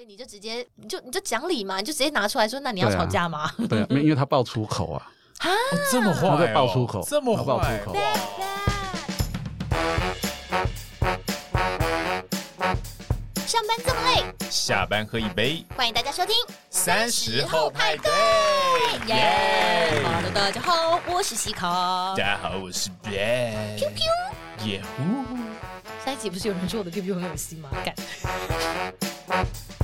所以你就直接，你就你就講理嘛，你就直接拿出來說，那你要吵架嗎？對、啊 對啊，因為因為他爆粗口啊，啊、哦，這麼壞哦，就爆粗口這麼壞、哦、爆粗口這麼壞、哦，上班這麼累，下班喝一杯，歡迎大家收聽三十後派對，耶，hello、yeah, yeah、大家好，我是西卡，大家好，我是 Bleu，Piu 耶呼，上一集不是有人說我的 Q Q 很有戲嗎？幹。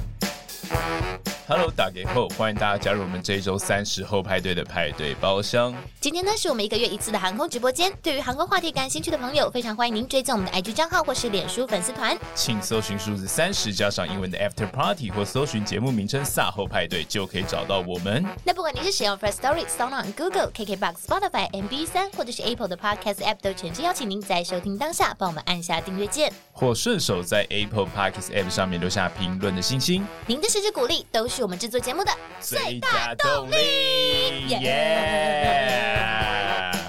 Hello，大家好，歡迎大家加入我們這一周三十後派對的派對包廂。今天呢，是我們一個月一次的航空直播間。對於航空話題感興趣的朋友，非常歡迎您追蹤我們的 IG 賬號或是臉書粉絲團。請搜尋數字三十加上英文的 After Party，或搜尋節目名稱“三十後派對”，就可以找到我們。那不管您是使用 Firstory、SoundOn、Google、KK Box、Spotify、M B 三，或者是 Apple 的 Podcast App，都誠摯邀請您在收聽當下幫我們按下訂閱鍵，或順手在 Apple Podcast App 上面留下評論的星星。您的支持鼓勵都是。是我們製作節目的最大動力。Yeah. Yeah.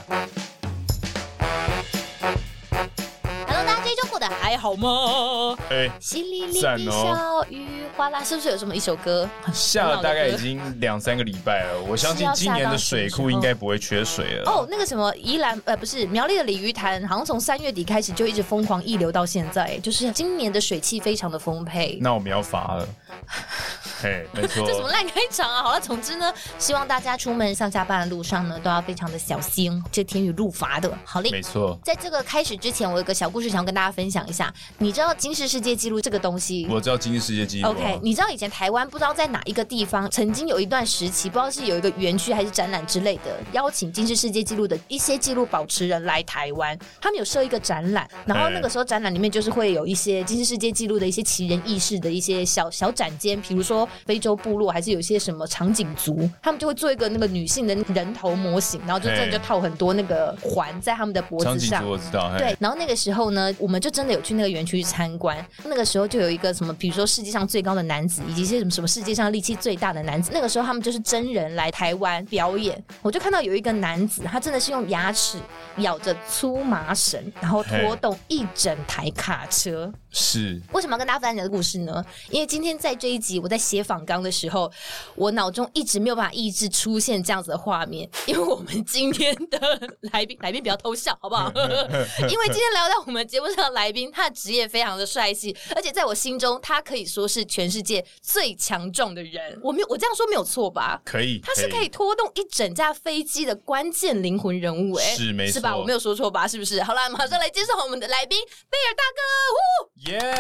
還好嗎？哎、欸，淅瀝瀝的小雨嘩啦，是不是有這麼一首歌？下了大概已經兩三個禮拜了。我相信今年的水庫應該不會缺水了。哦，那個什麼宜蘭呃，不是苗栗的鯉魚潭，好像從三月底開始就一直瘋狂溢流到現在，就是今年的水氣非常的豐沛。那我們要罰了。 嘿，沒錯。 這什麼爛開場啊！好了，總之呢，希望大家出門上下班的路上呢，都要非常的小心，這天雨路滑的。好嘞，沒錯。在這個開始之前，我有一個小故事想要跟大家分享。講一下，你知道金氏世界紀錄這個東西？我知道金氏世界紀錄。OK，你知道以前台灣不知道在哪一個地方，曾經有一段時期，不知道是有一個園區還是展覽之類的，邀請金氏世界紀錄的一些紀錄保持人來台灣，他們有設一個展覽，然後那個時候展覽裡面就是會有一些金氏世界紀錄的一些奇人異事的一些小小展間，比如說非洲部落，還是有一些什麼長頸族，他們就會做一個那個女性的人頭模型，然後就真的就套很多那個環在他們的脖子上。長頸族我知道。對，然後那個時候呢，我們就真。有去那個園區去參觀，那個時候就有一個什麼，比如說世界上最高的男子，以及一些什麼什麼世界上力氣最大的男子。那個時候他們就是真人來台灣表演，我就看到有一個男子，他真的是用牙齒咬着粗麻繩，然後拖動一整台卡車。是、hey. 為什麼要跟大家分享這個故事呢？因為今天在這一集我在寫訪綱的時候，我腦中一直沒有辦法抑制出現這樣子的畫面。因為我們今天的 來賓，來賓比較偷笑，好不好？ 因為今天來到我們節目上的來賓。他的職業非常的帥氣，而且在我心中，他可以說是全世界最強壯的人。我沒有，我這樣說沒有錯吧？可以，可以，他是可以拖動一整架飛機的關鍵靈魂人物欸。哎，是沒錯，我沒有說錯吧？是不是？好了，馬上來介紹我們的來賓貝爾大哥。耶，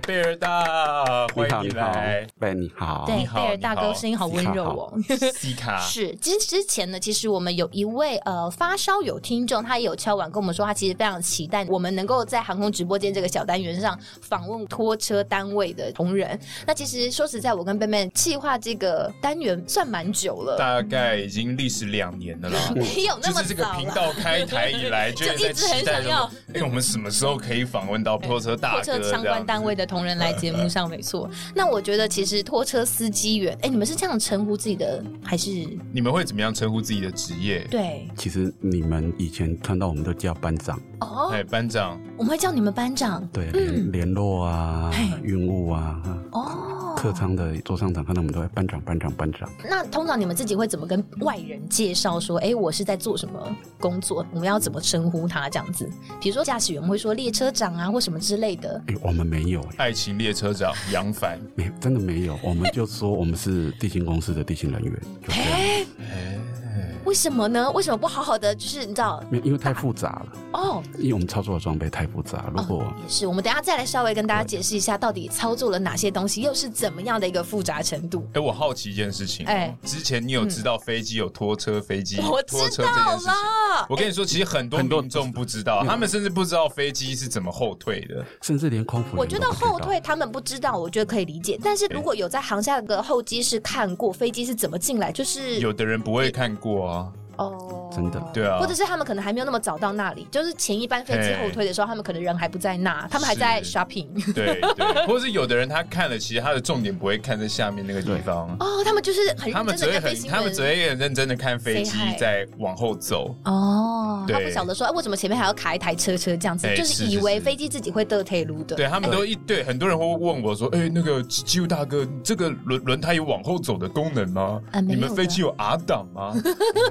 貝、yeah! 爾、yeah! 大，歡迎你來。貝你，你好，對，貝爾大哥聲音好溫柔哦。西卡， 卡是，其實之前呢，其實我們有一位呃發燒友聽眾，他也有敲碗跟我們說，他其實非常奇。但我們能夠在航空直播間這個小單元上訪問拖車單位的同仁，那其實說實在，我跟貝貝計劃這個單元算蠻久了，大概已經歷時兩年了啦。 沒有那麼早啦，就是這個頻道開台以來， 就一直很想要，就在期待說，哎、欸，我們什麼時候可以訪問到拖車大拖車相關單位的同仁來節目上沒？沒錯。那我覺得其實拖車司機員，哎、欸，你們是這樣稱呼自己的，還是你們會怎麼樣稱呼自己的職業？對，其實你們以前看到我們都叫班長。哎、oh，班長，我們會叫你們班長。對，聯、嗯、絡啊，運、hey. 務啊，哦、oh，客艙的座艙長，看到我們都會班長，班長，班長。那通常你們自己會怎麼跟外人介紹說？哎、欸，我是在做什麼工作？我們要怎麼稱呼他這樣子？比如說駕駛員會說列車長啊，或什麼之類的。哎、欸，我們沒有、欸、愛情列車長楊帆， 沒真的沒有，我們就說我們是地勤公司的地勤人員。 就為什麼呢？為什麼不好好的？就是你知道，因為太複雜了哦。Oh. 因為我們操作的裝備太複雜了，oh. 如果也是我們等下再來稍微跟大家解釋一下，到底操作了哪些東西，又是怎麼樣的一個複雜程度。哎、欸，我好奇一件事情、喔，哎、欸，之前你有知道飛機有拖車、嗯、飛機拖車這個事情我，知道了。我跟你說，其實很多民、欸嗯、很多民眾不知道，他們甚至不知道飛機是怎麼後退的，甚至連空服都我覺得後退他們、欸、他們不知道，我覺得可以理解。但是如果有在航廈的候機室看過、欸、飛機是怎麼進來，就是有的人不會看過。過、啊。哦、oh,，真的對啊，或者是他們可能還沒有那麼早到那裡，就是前一班飛機後推的時候，hey, 他們可能人還不在那，他們還在 shopping。對，對。 或者是有的人他看了，其實他的重點不會看在下面那個地方。哦 oh,，他們就是很認真的他們只會很他們只會很認真的看飛機在往後走。哦、oh,，他不曉得說哎、欸，為什麼前面還要卡一台車車這樣子，hey, 就是以為飛機自己會倒退嚕的是是是。對，他們都一、欸、對很多人會問我說：“哎、欸，那個機務大哥，這個輪輪胎有往後走的功能嗎？呃、你們飛機有 R 檔嗎？”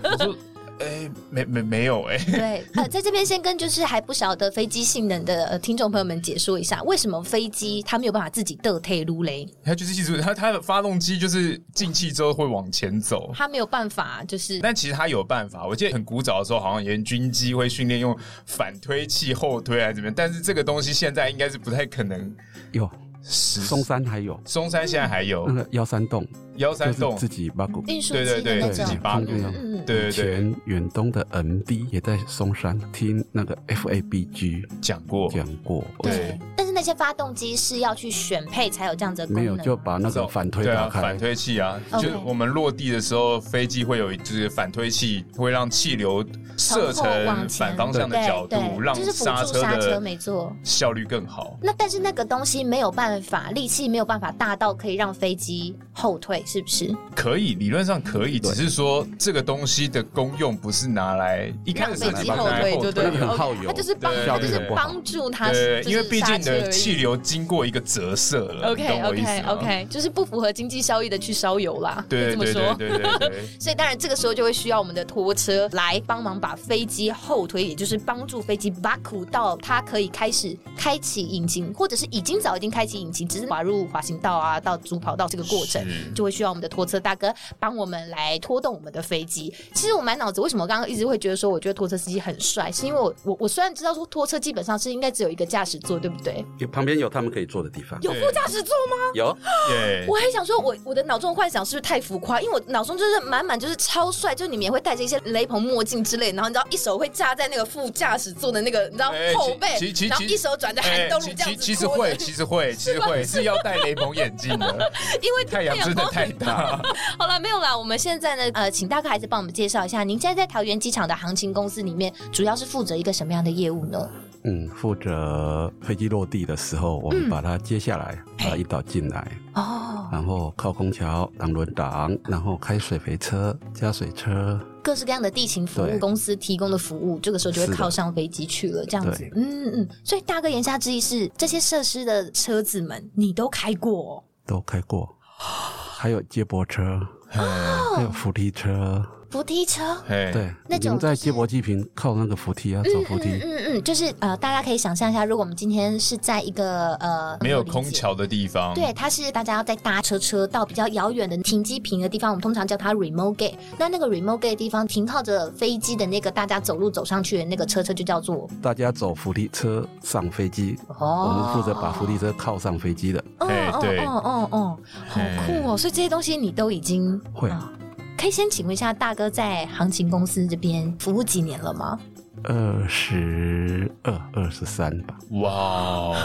我說。哎、欸，沒沒沒有哎、欸，對，呃，在這邊先跟就是還不曉得飛機性能的、呃、聽眾朋友們解說一下，為什麼飛機它沒有辦法自己倒退嚕雷？它就是記住，它它的發動機就是進氣之後會往前走，它沒有辦法就是。但其實它有辦法，我記得很古早的時候，好像連軍機會訓練用反推器後推還是怎麼樣，但是這個東西現在應該是不太可能有。松山還有，松山現在還有那個幺三洞，幺三洞、就是、自己把古對對對，自己放、嗯、的、嗯，對對對，前遠東的 M D 也在松山聽那個 FABG 講過講過，過，對。這些發動機是要去選配才有這樣子的功能，沒有就把那個反推打開，對啊，反推器啊，Okay. 就是我們落地的時候，飛機會有一只反推器，會讓氣流射成反方向的角度，讓剎車輔助剎車沒錯效率更好。就是、那但是那個東西沒有辦法，力氣沒有辦法大到可以讓飛機後退，是不是？可以理論上可以，只是說這個東西的功用不是拿來一看飛機後退，對就對，很耗油，它就是幫，就是幫助它，因為畢竟的。氣流經過一個折射了，OK，懂我意思嗎？okay, okay, okay, 就是不符合經濟效益的去燒油啦，對，這麼說，對,對,對,對,對 所以當然這個時候就會需要我們的拖車來幫忙把飛機後推，也就是幫助飛機 back up 到它可以開始開啟引擎，或者是已經早已經開啟引擎，只是滑入滑行道啊，到主跑道這個過程，就會需要我們的拖車大哥幫我們來拖動我們的飛機。其實我滿腦子為什麼我剛剛一直會覺得說我覺得拖車司機很帥，是因為我我我雖然知道說拖車基本上是應該只有一個駕駛座，對不對？旁邊有他們可以坐的地方，有副駕駛座嗎？有。耶， 我還想說，我我的腦中幻想是不是太浮誇？因為我腦中就是滿滿就是超帥，就是裡面會戴着一些雷朋墨鏡之類，然後你知道一手會架在那個副駕駛座的那個你知道後背，欸、其其其然後一手轉著寒冬。路這其實會，其實會，其實會是，是要戴雷朋眼鏡的， 因為太陽真的太大。 好了，沒有了。我們現在呢，呃，請大哥還是幫我們介紹一下，您現在在桃園機場的航勤公司裡面，主要是負責一個什麼樣的業務呢？嗯，負責飛機落地的時候，我們把它接下來，嗯、把它引導進來、欸。哦，然後靠空橋擋輪擋，然後開水肥車、加水車，各式各樣的地勤服務公司提供的服務，這個時候就會靠上飛機去了，這樣子。嗯嗯，所以大哥言下之意是，這些設施的車子們，你都開過？都開過，還有接駁車、哦嗯，還有扶梯車。扶梯車，hey, 對，那種、就是、在接駁機坪靠那個扶梯啊，嗯、走扶梯，嗯嗯，嗯，就是呃，大家可以想象一下，如果我們今天是在一個呃沒有空橋的地方、嗯，對，它是大家要在搭車車到比較遙遠的停機坪的地方，我們通常叫它 remote gate。那那個 remote gate 的地方停靠着飛機的那個，大家走路走上去的那個車車就叫做大家走扶梯車上飛機。哦，我們負責把扶梯車靠上飛機的。哦哦哦哦，哦好酷哦！Hey. 所以這些東西你都已經會了。啊可以先請問一下，大哥在航勤公司這邊服務幾年了嗎？二十二、二十三吧。哇、wow，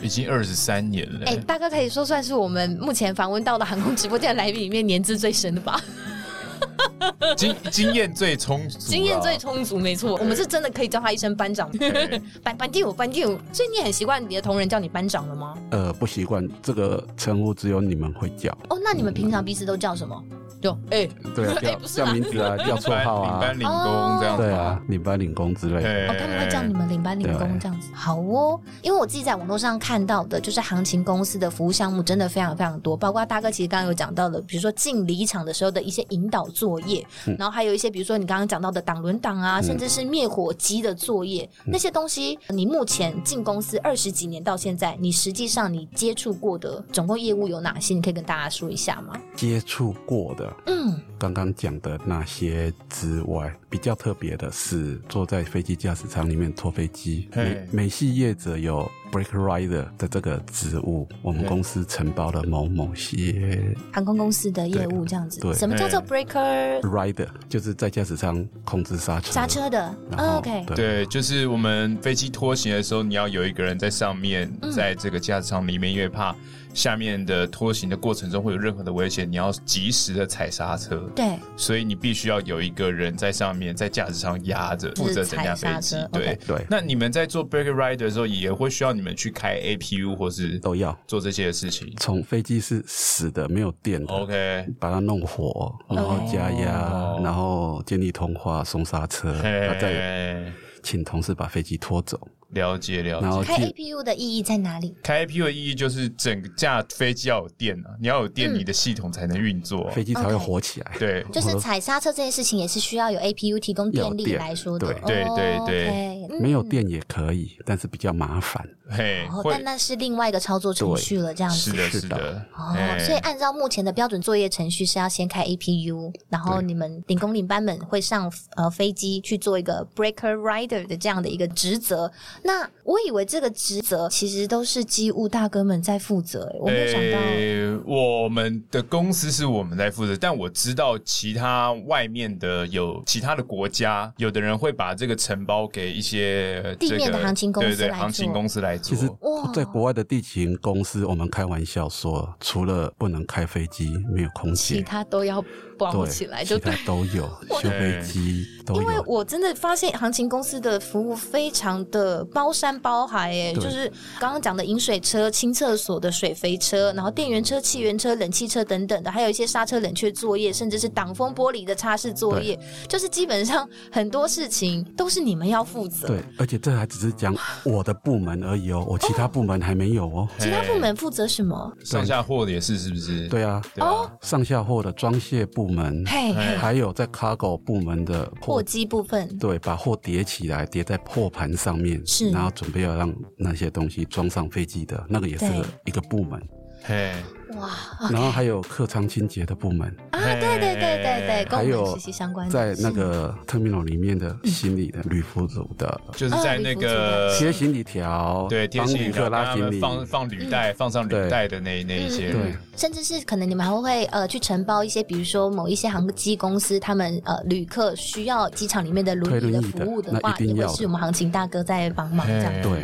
已經二十三年了。哎、欸，大哥可以說算是我們目前訪問到的航空直播間的來賓裡面年資最深的吧。 經經驗最充足。啊，經驗最充足，沒錯， 我們是真的可以叫他一聲班長。 班班長五班長五，所以你很習慣你的同仁叫你班長了嗎？呃，不習慣這個稱呼，只有你們會叫，嗯。哦，那你們平常彼此都叫什麼？嗯，就哎、欸，對、啊，叫，欸、叫名字啊，叫綽號啊，領班領工這樣子對啊。哦，領班領工之類的。哦，他們會叫你們領班領工這樣子。好哦，因為我自己在網絡上看到的，就是行情公司的服務項目真的非常非常多，包括大哥其實剛剛有講到的，比如說進離場的時候的一些引導作業。然後還有一些，比如說你剛剛講到的擋輪擋啊，甚至是滅火機的作業，嗯、那些東西，你目前進公司二十幾年到現在，你實際上你接觸過的總共業務有哪些？你可以跟大家說一下嗎？接觸過的，嗯。剛剛講的那些之外，比較特別的是坐在飛機駕駛艙裡面拖飛機。美美系業者有 brake rider 的這個職務，我們公司承包了某某些航空公司的業務，這樣子對。對。什麼叫做 brake rider？就是在駕駛艙控制剎車剎車的、哦。OK。對，就是我們飛機拖行的時候，你要有一個人在上面，嗯、在這個駕駛艙裡面，因為怕。下面的拖行的過程中會有任何的危險，你要及時的踩剎車。對，所以你必須要有一個人在上面在上，在駕駛上壓着，負責整架飛機。對、OK、對、對。那你們在做 brake ride 的時候，也會需要你們去開 APU 或是都要做這些事情。從飛機是死的，沒有電的，OK，把它弄活、OK，然後加壓、oh，然後建立通話，鬆剎車，hey、然後再請同事把飛機拖走。了解了解，開 APU 的意義在哪裡？開 APU 的意義就是整個架飛機要有電、啊，你要有電，你的系統才能運作、啊嗯，飛機才會活起來。Okay. 對，就是踩剎車這件事情也是需要有 APU 提供電力來說的。對對對、oh, okay. 嗯、沒有電也可以，但是比較麻煩。嘿、hey, 哦，但那是另外一個操作程序了。這樣子是的，是的，是的。哦、嗯，所以按照目前的標準作業程序是要先開 APU，然後你們領工領班們會上呃飛機去做一個 breaker rider 的這樣的一個職責。那我以為這個職責其實都是機務大哥們在負責，哎，我沒有想到、欸，我們的公司是我們在負責，但我知道其他外面的有其他的國家，有的人會把這個承包給一些、這個、地面的航勤公司來對航對航勤公司來做，其實在國外的地勤公司，我們開玩笑說，除了不能開飛機，沒有空氣。其他都要。包起來就都都有修飛機，因為我真的發現航勤公司的服務非常的包山包海哎，就是剛剛講的飲水車、清廁所的水肥車，然後電源車、氣源車、冷氣車等等的，還有一些剎車冷卻作業，甚至是擋風玻璃的擦拭作業，就是基本上很多事情都是你們要負責。對，而且這還只是講我的部門而已哦、喔，我其他部門還沒有、喔、哦。其他部門負責什麼？上下貨的也是是不是？對啊，哦，上下貨的裝卸部門。部門，還有在 cargo 部門的貨機部分，對，把貨疊起來，疊在貨盤上面，是，然後準備要讓那些東西裝上飛機的那個，也是一個部門，嘿。Hey. 哇、okay，然後還有客艙清潔的部門啊，對對對對對，跟我們息息相關，在那個 terminal 裡面的行李的、旅服組的，就是在那個貼行李條，對，貼行李條，幫他們放放鋁帶、嗯，放上鋁帶的那那一些，對、嗯嗯嗯，甚至是可能你們還會呃去承包一些，比如說某一些航機公司，他們呃旅客需要機場裡面的輪椅的服務的話的的，也會是我們航勤大哥在幫忙這樣，對，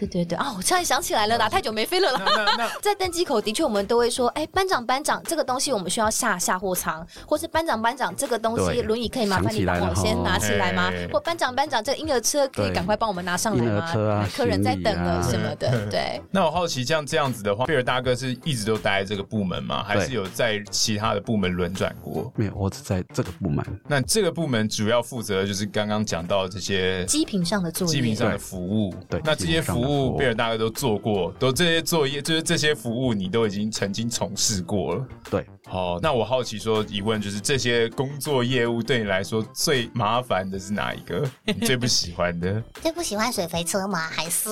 對對對，哦，我突然想起來了啦，啦、哦，太久沒飛了啦。 在登機口的確我們都。會說，哎、欸，班長班長，這個東西我們需要下下貨艙，或是班長班長，這個東西輪椅可以麻煩你幫我先拿起來嗎？來，或班長班長，這嬰、個、兒車可以趕快幫我們拿上來嗎？啊、客人在等了、啊啊、什麼的？對。那我好奇，像這樣子的話，貝爾大哥是一直都待在這個部門嗎？還是有在其他的部門輪轉過？沒有，我只在這個部門。那這個部門主要負責的就是剛剛講到這些機坪上的作業、機坪上的服務，對。對。那這些服務，貝爾大哥都做過，都這些作業就是這些服務，你都已經成。已經從事過了，對，好、哦，那我好奇說，疑問就是這些工作業務對你來說最麻煩的是哪一個？ 你最不喜歡的？最不喜歡水肥車嗎？還是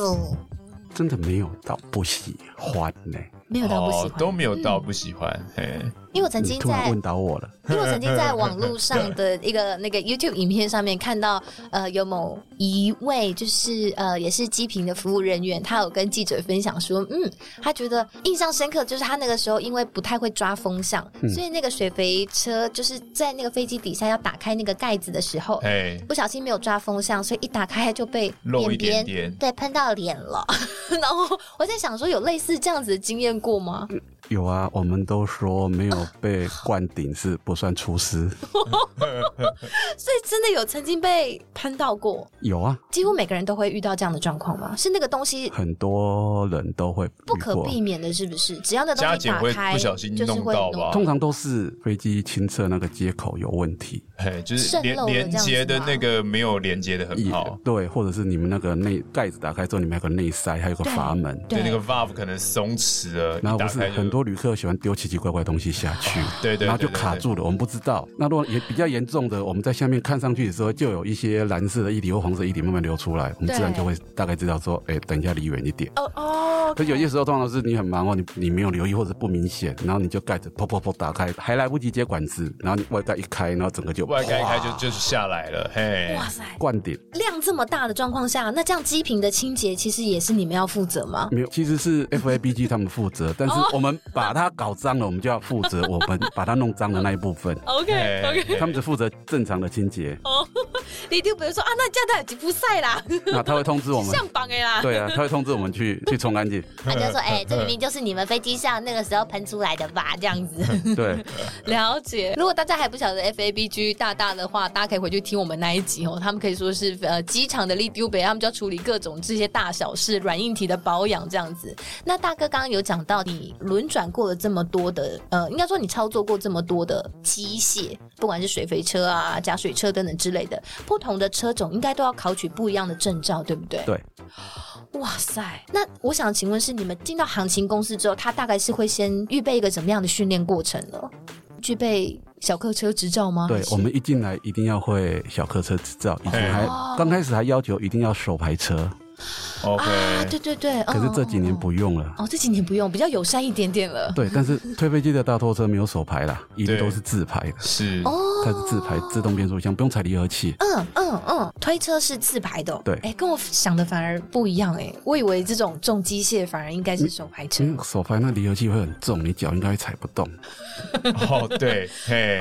真的沒有到不喜歡呢、欸？沒有到不喜歡、哦，都沒有到不喜歡。哎、嗯，因為我曾經在問倒我了，因為我曾經在網路上的一個 那個 YouTube 影片上面看到，呃，有某一位就是呃，也是機坪的服務人員，他有跟記者分享說，嗯，他覺得印象深刻就是他那個時候因為不太會抓風向，嗯、所以那個水肥車就是在那個飛機底下要打開那個蓋子的時候，哎，不小心沒有抓風向，所以一打開就被漏一點點，便便對，噴到臉了。 然後我在想說，有類似這樣子的經驗。過嗎、嗯？有啊，我們都說沒有被灌頂是不算出師， 所以真的有曾經被噴到過。有啊，幾乎每個人都會遇到這樣的狀況嘛。是那個東西，很多人都會遇過，不可避免的，是不是？只要那東西打開，會不小心就是會。通常都是飛機清廁那個接口有問題。嘿，就是連連接的那個沒有連接的很好，yeah，對，或者是你們那個內蓋子打開之後，裡面有個內塞，還有個閥門，對對，對，那個 valve 可能鬆弛了。然後不是很多旅客喜歡丟奇奇怪怪的東西下去，對對，然後就卡住了對對對對，我們不知道。那如果也比較嚴重的，我們在下面看上去的時候，就有一些藍色的液體或紅色的液體慢慢流出來，我們自然就會大概知道說，哎，欸，等一下離遠一點。哦哦。可有些時候，通常是你很忙，哦，你你沒有留意或者不明顯，然後你就蓋子 pop pop pop 打開，還來不及接管子，然後你外蓋一開，然後整個就。外開一開就就是下來了，嘿！哇塞，灌頂量這麼大的狀況下，那這樣機坪的清潔其實也是你們要負責嗎？沒有，其實是 F A B G 他們負責， 但是我們把它搞髒了， 我們就要負責我們把它弄髒的那一部分。 OK OK，他們只負責正常的清潔。哦， 你就比如說啊，那這樣他已經不曬啦。 那他會通知我們上榜的啦。對啊，他會通知我們去 去沖乾淨。 他就說，哎、欸，這明明就是你們飛機上那個時候噴出來的吧，這樣子。 對，了解。如果大家還不曉得 F A B G，大大的話，大家可以回去聽我們那一集哦。他們可以說是呃機場的里長伯，他們就要處理各種這些大小事、軟硬體的保養這樣子。那大哥剛剛有講到，你輪轉過了這麼多的呃，應該說你操作過這麼多的機械，不管是水肥車啊、加水車等等之類的，不同的車種應該都要考取不一樣的證照，對不對？對。哇塞！那我想請問是你們進到航勤公司之後，他大概是會先預備一個什麼樣的訓練過程呢？具備。小客車執照嗎？對，我們一進來一定要會小客車執照，以前還剛、oh. 開始還要求一定要手排車。Okay. 啊，對對對、嗯，可是這幾年不用了。哦，這幾年不用，比較友善一點點了。對，但是推飛機的大拖車沒有手排啦， 一直都是自排的。是哦，它是自排自動變速箱，不用踩離合器。嗯嗯嗯，推車是自排的、哦。對，哎、欸，跟我想的反而不一樣哎、欸，我以為這種重機械反而應該是手排車。手排那離合器會很重，你腳應該會踩不動。哦、 oh,，對、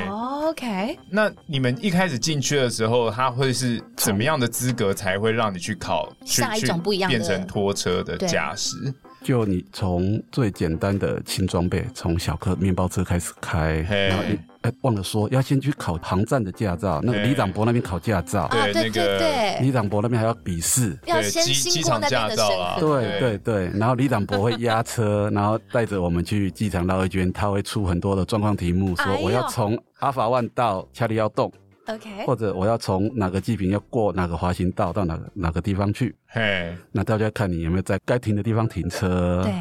oh,，OK。那你們一開始進去的時候，他會是怎麼樣的資格才會讓你去考？下、oh.。去種不一樣變成拖車的駕駛。就你從最簡單的輕裝備，從小客面包車開始開，然後，欸忘了說，要先去考航站的駕照。那個李長博那邊考駕照，對，那個李長博那邊還要筆試，要機機場駕照。啊。對對對，然後李長博會押車，然後帶着我們去機場繞一圈，他會出很多的狀況題目，說我要從阿法萬到恰裡要洞。Okay. 或者我要從哪個機坪要過哪個滑行道到哪個哪個地方去？嘿、hey.，那大家看你有沒有在該停的地方停車？Hey. 對。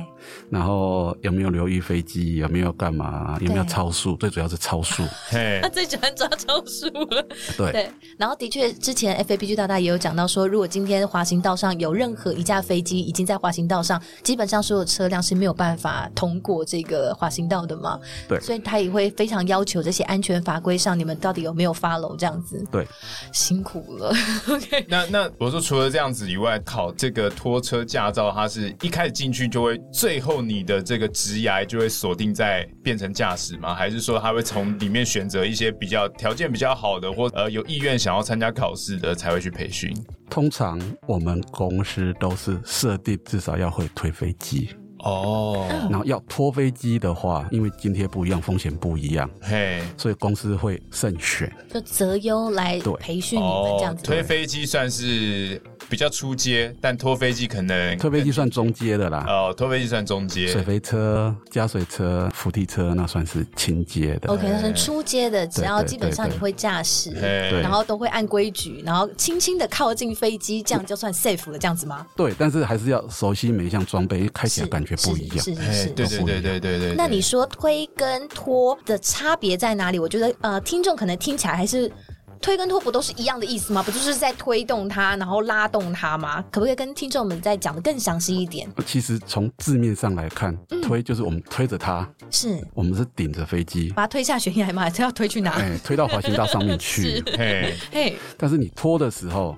然後有沒有留意飛機？有沒有幹嘛？有沒有超速？最主要是超速。 他最喜歡抓超速了。對。對，然後的確，之前 FAPG 大大也有講到說，如果今天滑行道上有任何一架飛機已經在滑行道上，基本上所有車輛是沒有辦法通過這個滑行道的嘛？對。所以他也會非常要求這些安全法規上，你們到底有沒有 follow 這樣子？對。辛苦了。OK。 那那我說，除了這樣子以外，考這個拖車駕照，他是一開始進去就會最。最後，你的這個職涯就會鎖定在變成駕駛嗎？還是說他會從裡面選擇一些比較條件比較好的，或呃有意願想要參加考試的才會去培訓？通常我們公司都是設定至少要會推飛機哦，然後要拖飛機的話，因為津貼不一樣，風險不一樣，嘿，所以公司會慎選，就擇優來培訓你們、哦、這樣子。推飛機算是。比較初階，但拖飛機可能拖飛機算中階的啦。哦，拖飛機算中階。水飛車、加水車、扶梯車那算是輕階的。OK，那是初階的，只要基本上你會駕駛，然後都會按規矩，然後輕輕的靠近飛機，這樣就算 safe 了，這樣子嗎對？對，但是還是要熟悉每一項裝備，開起來感覺不一樣。是是是，是是是是欸、對，對，對對對對對對。那你說推跟拖的差別在哪裡？我覺得呃，聽眾可能聽起來還是。推跟拖不都是一樣的意思嗎？不就是在推動它，然後拉動它嗎？可不可以跟聽眾們再講得更詳細一點？其實從字面上來看、嗯，推就是我們推着它，是我們是頂着飛機把它推下懸崖嘛？要推去哪裡？里、欸？推到滑行道上面去。 是嘿嘿，但是你拖的時候。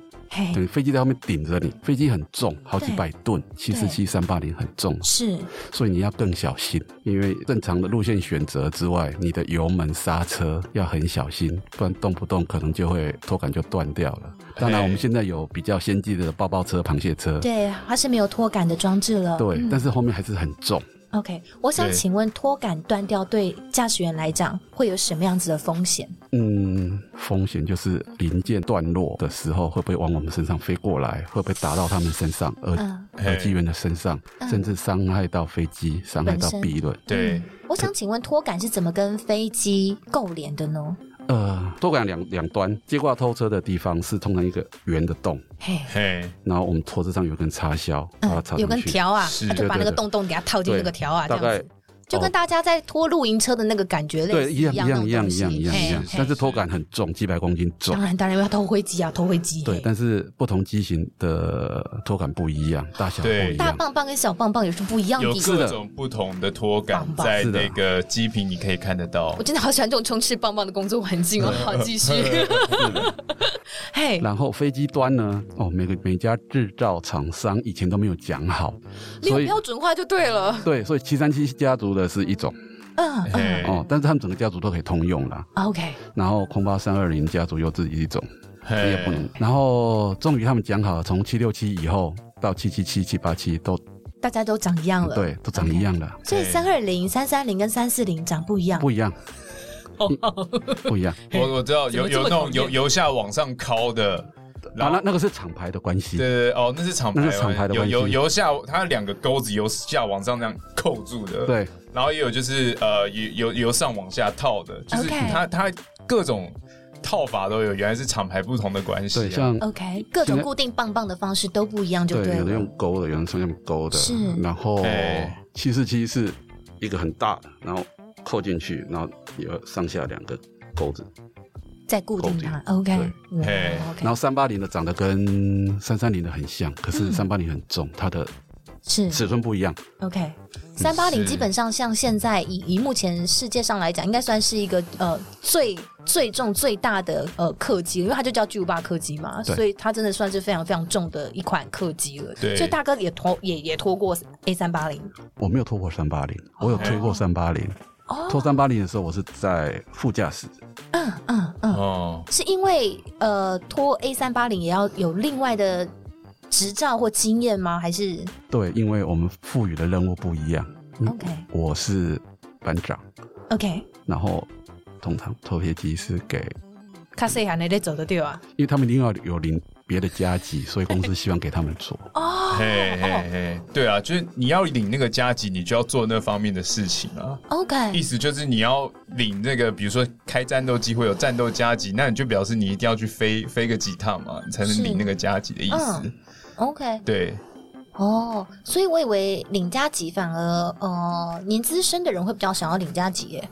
對，飛機在後面頂着你，飛機很重，好幾百噸，七四七三八零很重啊，是，所以你要更小心，因為正常的路線選擇之外，你的油門剎車要很小心，不然動不動可能就會拖桿就斷掉了。當然，我們現在有比較先進的抱抱車、螃蟹車，對，它是沒有拖桿的裝置了，對，但是後面還是很重。嗯 OK，我想請問，拖桿斷掉對駕駛員來講會有什麼樣子的風險？嗯，風險就是零件斷落的時候，會不會往我們身上飛過來？會不會打到他們身上？而呃機、嗯、員的身上，嗯、甚至傷害到飛機，傷害到鼻輪。對，我想請問，拖桿是怎麼跟飛機構連的呢？呃，拖桿兩兩端接掛拖車的地方是通常一個圓的洞，嘿、hey.，然後我們拖車上有一根插銷，嗯、插有根條啊，他、啊、就把那個洞洞給它套進那個條啊，對對對這樣子。就跟大家在拖露營車的那個感覺類似，對，一樣一樣一樣一樣一樣，一樣但嘿嘿，但是拖桿很重，幾百公斤重。當然當然，要拖飛機啊，拖飛機。對，但是不同機型的拖桿不一樣，大小不一樣。大棒棒跟小棒棒也是不一樣的。有各種不同的拖桿，在那個機坪你可以看得到，看得到。我真的好喜歡這種充斥棒棒的工作環境，哦，我好繼續。Hey. 然後飛機端呢？哦，每個每家製造廠商以前都沒有講好，你有標準化就對了。對，所以七三七家族的是一種，嗯嗯，哦，但是他們整個家族都可以通用了。Uh, OK。然後空巴三二零家族又自己一種，也、uh, okay. hey. 不能。然後終於他們講好了，從七六七以後到七七七、七八七都大家都長一樣了，嗯、對，都長一樣了。Okay. 所以三二零、三三零跟三四零長不一樣，hey. 不一樣。哦、 嗯，不一樣，我我知道，有有那種由由下往上扣的，然後、啊、那那個是廠牌的關係。對對對，哦，那是廠牌，廠牌的關係、那個廠牌的關係。有有由，由下它兩個鈎子由下往上這樣扣住的。對，然後也有就是呃，由由由上往下套的，就是它、okay. 它，它各種套法都有。原來是廠牌不同的關係、啊。像 OK，各種固定棒棒的方式都不一樣就對，就對。有的用鈎的，有的用鈎的。是。然後七四七是一個很大的，然後。扣進去，然後有上下兩個鈎子，再固定它。OK，對，OK。Okay. Yeah. 然後三八零的長得跟三三零的很像，可是三八零很重，嗯、它的是尺寸不一樣。OK，三八零基本上像現在以以目前世界上來講，應該算是一個呃最最重最大的呃客機，因為它就叫巨無霸客機嘛，所以它真的算是非常非常重的一款客機了。對，所以大哥也拖也也拖過 A 三八零，我沒有拖過三八零，我有推過三八零。拖三八零的時候，我是在副駕駛。嗯嗯嗯。哦，是因為呃，拖 A 三八零也要有另外的執照或經驗嗎？還是？對，因為我們賦予的任務不一樣。嗯、OK。我是班長。OK。然後，通常拖飛機是給卡細漢的得走得掉啊？因為他們一定要有零。別的加給，所以公司希望給他們做。哦，嘿，嘿，嘿，對啊，就是你要領那個加給，你就要做那方面的事情啊。OK，意思就是你要領那個，比如說開戰鬥機會有戰鬥加給，那你就表示你一定要去飛飛個幾趟嘛，你才能領那個加給的意思。Oh, OK，對。哦、oh,，所以我以為領加給反而呃，年資深的人會比較想要領加給耶。級。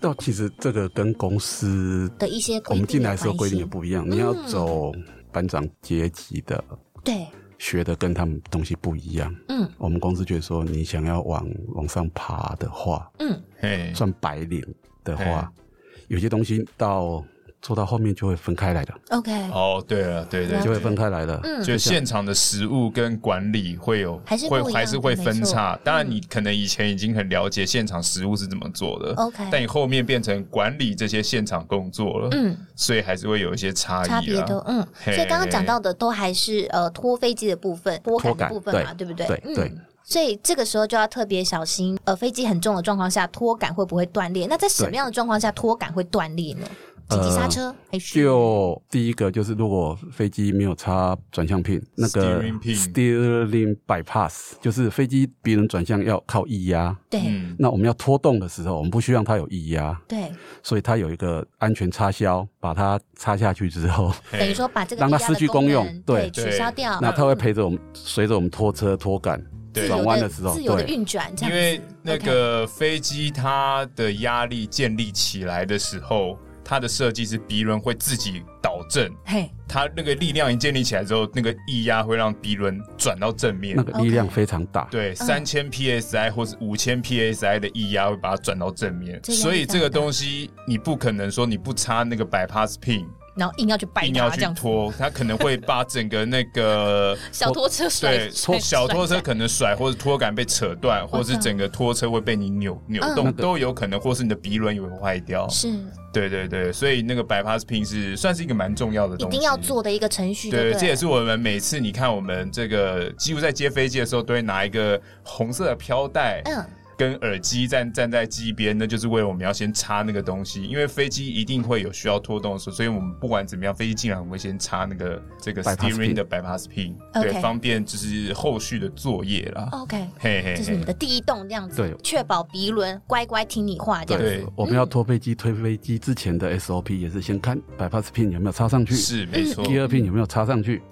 那其實這個跟公司的一些我們進來的時候規定也不一樣，嗯、你要走。班長階級的，對，學的跟他們東西不一樣。嗯，我們公司就說，你想要往往上爬的話，嗯，哎、hey.，算白領的話，hey. 有些東西到。做到後面就會分開來的。OK。哦，對了，對對，對，okay. 就會分開來的。嗯。就現場的食物跟管理會有，嗯、會還是會還是會分叉。當然，你可能以前已經很了解現場食物是怎麼做的。OK、嗯。但你後面變成管理這些現場工作了。嗯。所以還是會有一些差異、啊。差別的，嗯。嘿嘿，所以剛剛講到的都還是呃拖飛機的部分，拖桿部分嘛，對，對不對，對，對、嗯？對。所以這個時候就要特別小心。呃，飛機很重的狀況下，拖桿會不會斷裂？那在什麼樣的狀況下拖桿會斷裂呢？緊急剎車、呃、就第一個就是，如果飛機沒有插轉向片， 那個 steering bypass 就是飛機別人轉向要靠液壓。對。那我們要拖動的時候，我們不需要它有液壓。對。所以它有一個安全插銷，把它插下去之後，之後等於說把這個讓它失去功用，對，對取消掉。那它會陪着我們，隨着我們拖車拖桿轉彎的時候，對，自由的運轉。因為那個飛機它的壓力建立起來的時候。Okay. 它的設計是鼻輪會自己導正，嘿、hey.，它那個力量一建立起來之後，那個液壓會讓鼻輪轉到正面，那個力量非常大，okay. 對，三千 psi 或是五千 psi 的液壓會把它轉到正面，所以這個東西你不可能說你不插那個 bypass pin 然後硬要去掰，硬要去拖，它可能會把整個那個 小拖車甩，對，拖小拖車可能甩，或是拖桿被扯斷，或是整個拖車會被你扭、嗯、扭動、那個，都有可能，或是你的鼻輪也會壞掉。是，對對對，所以那個 bypass pin 是算是一個蠻重要的東西，一定要做的一個程序。對，這也是我們每次你看我們這個幾乎在接飛機的時候都會拿一個紅色的飄帶。嗯跟耳機站站在機邊，那就是為了我們要先插那個東西，因為飛機一定會有需要拖動的時候，所以我們不管怎麼樣，飛機進來會先插那個這個 steering 的 bypass pin、okay。對，方便就是後續的作業啦。OK，嘿嘿、嘿，這、就是你們的第一動這樣子，對，確保鼻輪乖乖聽你話這樣子。對嗯、我們要拖飛機推飛機之前的 SOP 也是先看、嗯、bypass pin 有沒有插上去，是沒錯，第二 pin 有沒有插上去。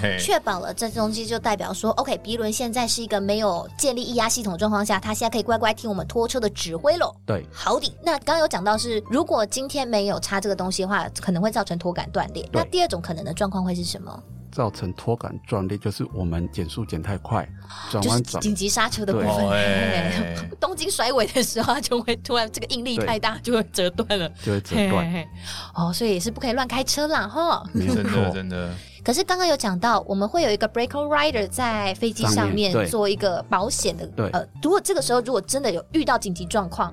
確保了這東西，就代表說，OK，鼻輪現在是一個沒有建立液壓系統的狀況下，它現在可以乖乖聽我們拖車的指揮嘍。對，好的。那剛有講到是，如果今天沒有插這個東西的話，可能會造成拖桿斷裂。那第二種可能的狀況會是什麼？造成拖桿撞裂，就是我們減速減太快，轉彎、就是、緊急剎車的部分。對對哦欸、 東京甩尾的時候，就會突然這個應力太大，就會折斷了，就會折斷。哦，所以也是不可以亂開車啦，吼。真的真的。真的 可是剛剛有講到，我們會有一個 brake rider 在飛機上面做一個保險的。對。呃，如果這個時候如果真的有遇到緊急狀況，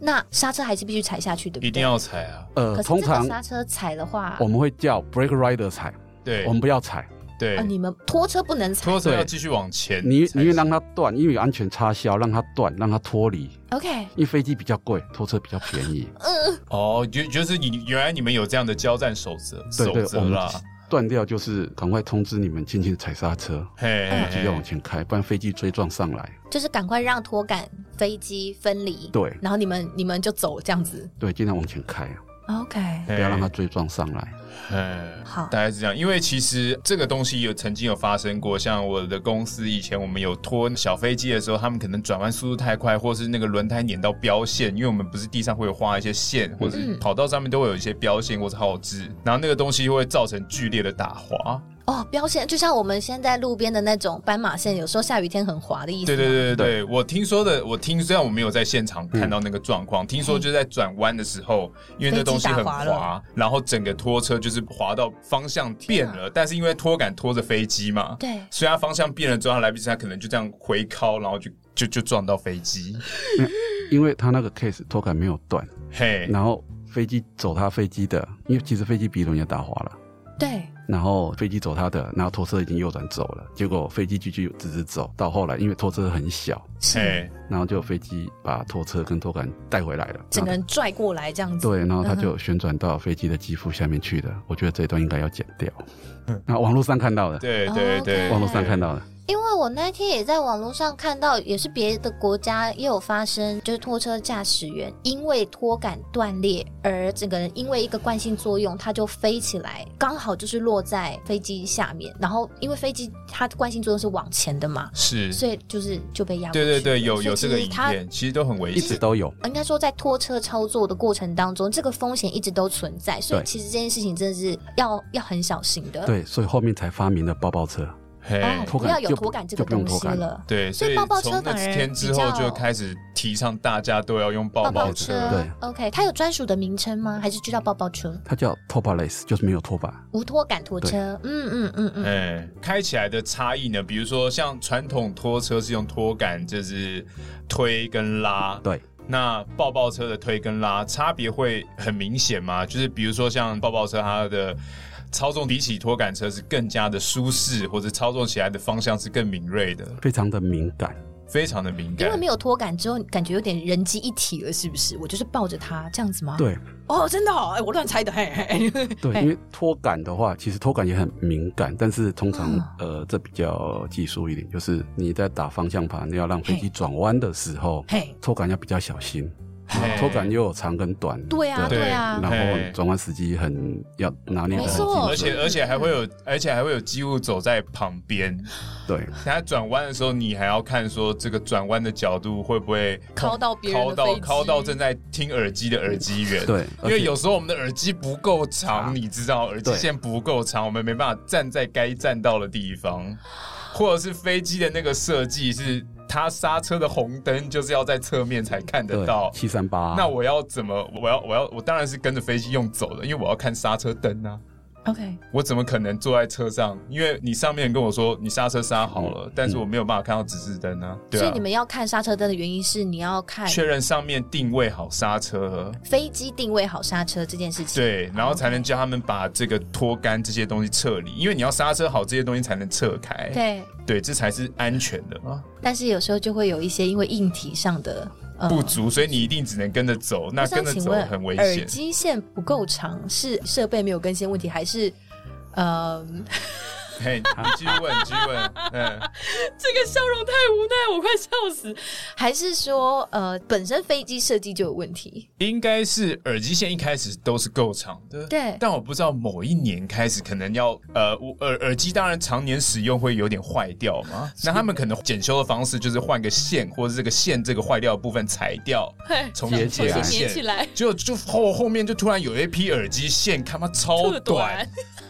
那剎車還是必須踩下去的，一定要踩啊。呃，通常剎車踩的話，嗯、我們會叫 brake rider 踩。對，我們不要踩。對、啊，你們拖車不能踩，拖車要繼續往前。你，你，要讓它斷，因為有安全插銷讓它斷，讓它脫離。OK。因為飛機比較貴，拖車比較便宜。嗯。哦，就就是你原來你們有這樣的交戰守則守則了，斷掉就是趕快通知你們，進行踩剎車，嘿嘿嘿。我們就要往前開，不然飛機追撞上來。就是趕快讓拖桿飛機分離。對。然後你們你們就走這樣子。對，盡量往前開。OK，不要讓它追撞上來。嗯、Hey. Hey.，好，大概是這樣。因為其實這個東西有曾經有發生過，像我的公司以前我們有拖小飛機的時候，他們可能轉彎速度太快，或是那個輪胎碾到標線，因為我們不是地上會有畫一些線，或是跑道上面都會有一些標線或者號志，然後那個東西會造成劇烈的打滑。哦，標線就像我們現在路邊的那種斑馬線，有時候下雨天很滑的意思。對對對對對，嗯，我聽說的。我聽雖然我沒有在現場看到那個狀況，嗯，聽說就是在轉彎的時候，嗯，因為那東西很滑，滑，然後整個拖車就是滑到方向變了，啊，但是因為拖桿拖着飛機嘛，對，啊，所以他方向變了之後，他來不及，他可能就這樣回靠，然後就就就撞到飛機，嗯。因為他那個 case 拖桿沒有斷，嘿， 然後飛機走他飛機的，因為其實飛機鼻輪也打滑了。對，然後飛機走他的，然後拖車已經右轉走了，結果飛機繼續直直走到後來，因為拖車很小，是，然後就飛機把拖車跟拖杆帶回來了，整個人拽過來這樣子，對，然後他就旋轉到飛機的機腹下面去了，我覺得這一段應該要剪掉，那、嗯、網絡上看到的，對對對，網絡上看到的。因為我那天也在網絡上看到，也是別的國家也有發生，就是拖車駕駛員因為拖桿斷裂，而整個人因為一個慣性作用，他就飛起來，剛好就是落在飛機下面，然後因為飛機它的慣性作用是往前的嘛，是，所以就是就被壓。對對對，有有這個影片其，其實都很危險，一直都有。應該說，在拖車操作的過程當中，這個風險一直都存在，所以其實這件事情真的是要要很小心的。對，所以後面才發明了抱抱車。哎、哦哦，不要有拖桿這個東西了，了對，所以從那幾天之後就開始提倡大家都要用抱抱車。哎、對，OK，它有專屬的名稱嗎？還是就叫抱抱車？它叫 Topless，就是沒有拖把。無拖桿拖車。嗯嗯嗯嗯。哎、嗯嗯，開起來的差異呢？比如說像傳統拖車是用拖桿，就是推跟拉。對。那抱抱車的推跟拉差別會很明顯嗎？就是比如說像抱抱車它的。操縱比起拖桿車是更加的舒適，或者操作起來的方向是更敏銳的，非常的敏感，非常的敏感。因為沒有拖桿之後，感覺有點人機一體了，是不是？我就是抱着它這樣子嗎？對，哦，真的，哦，哎、欸，我亂猜的，嘿嘿。對，嘿，因為拖桿的話，其實拖桿也很敏感，但是通常、嗯、呃，這比較技術一點，就是你在打方向盤，你要讓飛機轉彎的時候，拖桿要比較小心。拖桿又有長跟短，hey, 對啊對，對啊，然後轉彎時機很、啊、要拿捏好，而且而且還會有，而且還會有機務走在旁邊，嗯、對，等下轉彎的時候你還要看說這個轉彎的角度會不會敲到邊敲到敲到正在聽耳機的耳機員、哦，對，因為有時候我們的耳機不夠長，啊、你知道，耳機線不夠長，我們沒辦法站在該站到的地方，或者是飛機的那個設計是。他剎車的紅燈就是要在側面才看得到，七三八。那我要怎麼？我要我要我當然是跟着飛機用走的，因為我要看剎車燈啊。OK，我怎麼可能坐在車上？因為你上面跟我說，你剎車剎好了、嗯，但是我沒有辦法看到指示燈呢、啊啊。所以你們要看剎車燈的原因是，你要看確認上面定位好剎車，飛機定位好剎車這件事情。對，然後才能叫他們把這個拖杆這些東西撤離，okay. 因為你要剎車好，這些東西才能撤開。對，對，這才是安全的啊。但是有時候就會有一些因為硬體上的不足，所以你一定只能跟着走，嗯。那跟着走很危險。請問耳機線不夠長，是設備沒有更新問題，還是，呃 嘿，去問去問，問 嗯，這個笑容太無奈，我快笑死。還是說，呃，本身飛機設計就有問題？應該是耳機線一開始都是夠長的，對。但我不知道某一年開始，可能要呃，耳耳耳機當然常年使用會有點壞掉嘛。 那他們可能檢修的方式就是換個線，或者這個線這個壞掉的部分裁掉，重新黏起來，起來就就後後面就突然有一批耳機線，他媽超短。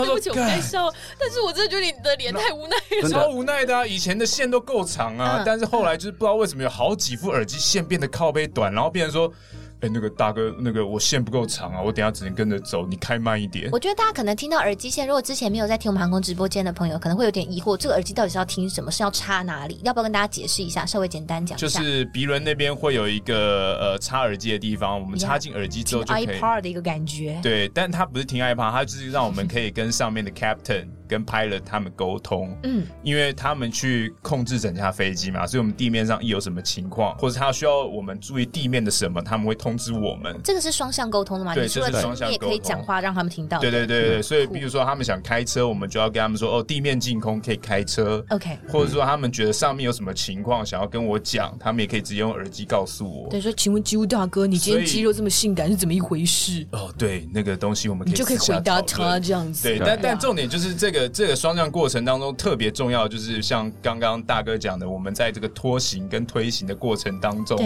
他說，對不起，我不在笑，但是我真的覺得你的臉太無奈了。多無奈的，啊，以前的線都夠長啊，嗯，但是後來就是不知道為什麼有好幾副耳機線變得靠背短，然後變成說。哎，那個大哥，那個我線不夠長啊，我等一下只能跟着走，你開慢一點。我覺得大家可能聽到耳機線，如果之前沒有在聽我們航空直播間的朋友，可能會有點疑惑，這個耳機到底是要聽什麼，是要插哪裡？要不要跟大家解釋一下？稍微簡單講一下。就是鼻輪那邊會有一個呃插耳機的地方，我們插進耳機之後就可以。Yeah, 挺 iPod 的一個感覺。對，但它不是聽 iPod，它就是讓我們可以跟上面的 Captain。 跟 pilot 他們溝通，嗯，因為他們去控制整架飛機嘛，所以我們地面上一有什麼情況，或者他需要我們注意地面的什麼，他們會通知我們。這個是雙向溝通的嘛？對，就是我你也可以講話，讓他們聽到。對對對對、對、嗯。所以，比如說他們想開車，我們就要跟他們說哦，地面淨空可以開車。OK、嗯。或者說他們覺得上面有什麼情況，想要跟我講，他們也可以直接用耳機告訴我。對，所以請問機務大哥，你今天肌肉這麼性感是怎麼一回事？哦，對，那個東西我們可以你就可以回答他這樣子。對，對啊、但但重點就是這個。這個雙向過程當中特別重要，就是像剛剛大哥講的，我們在這個拖行跟推行的過程當中，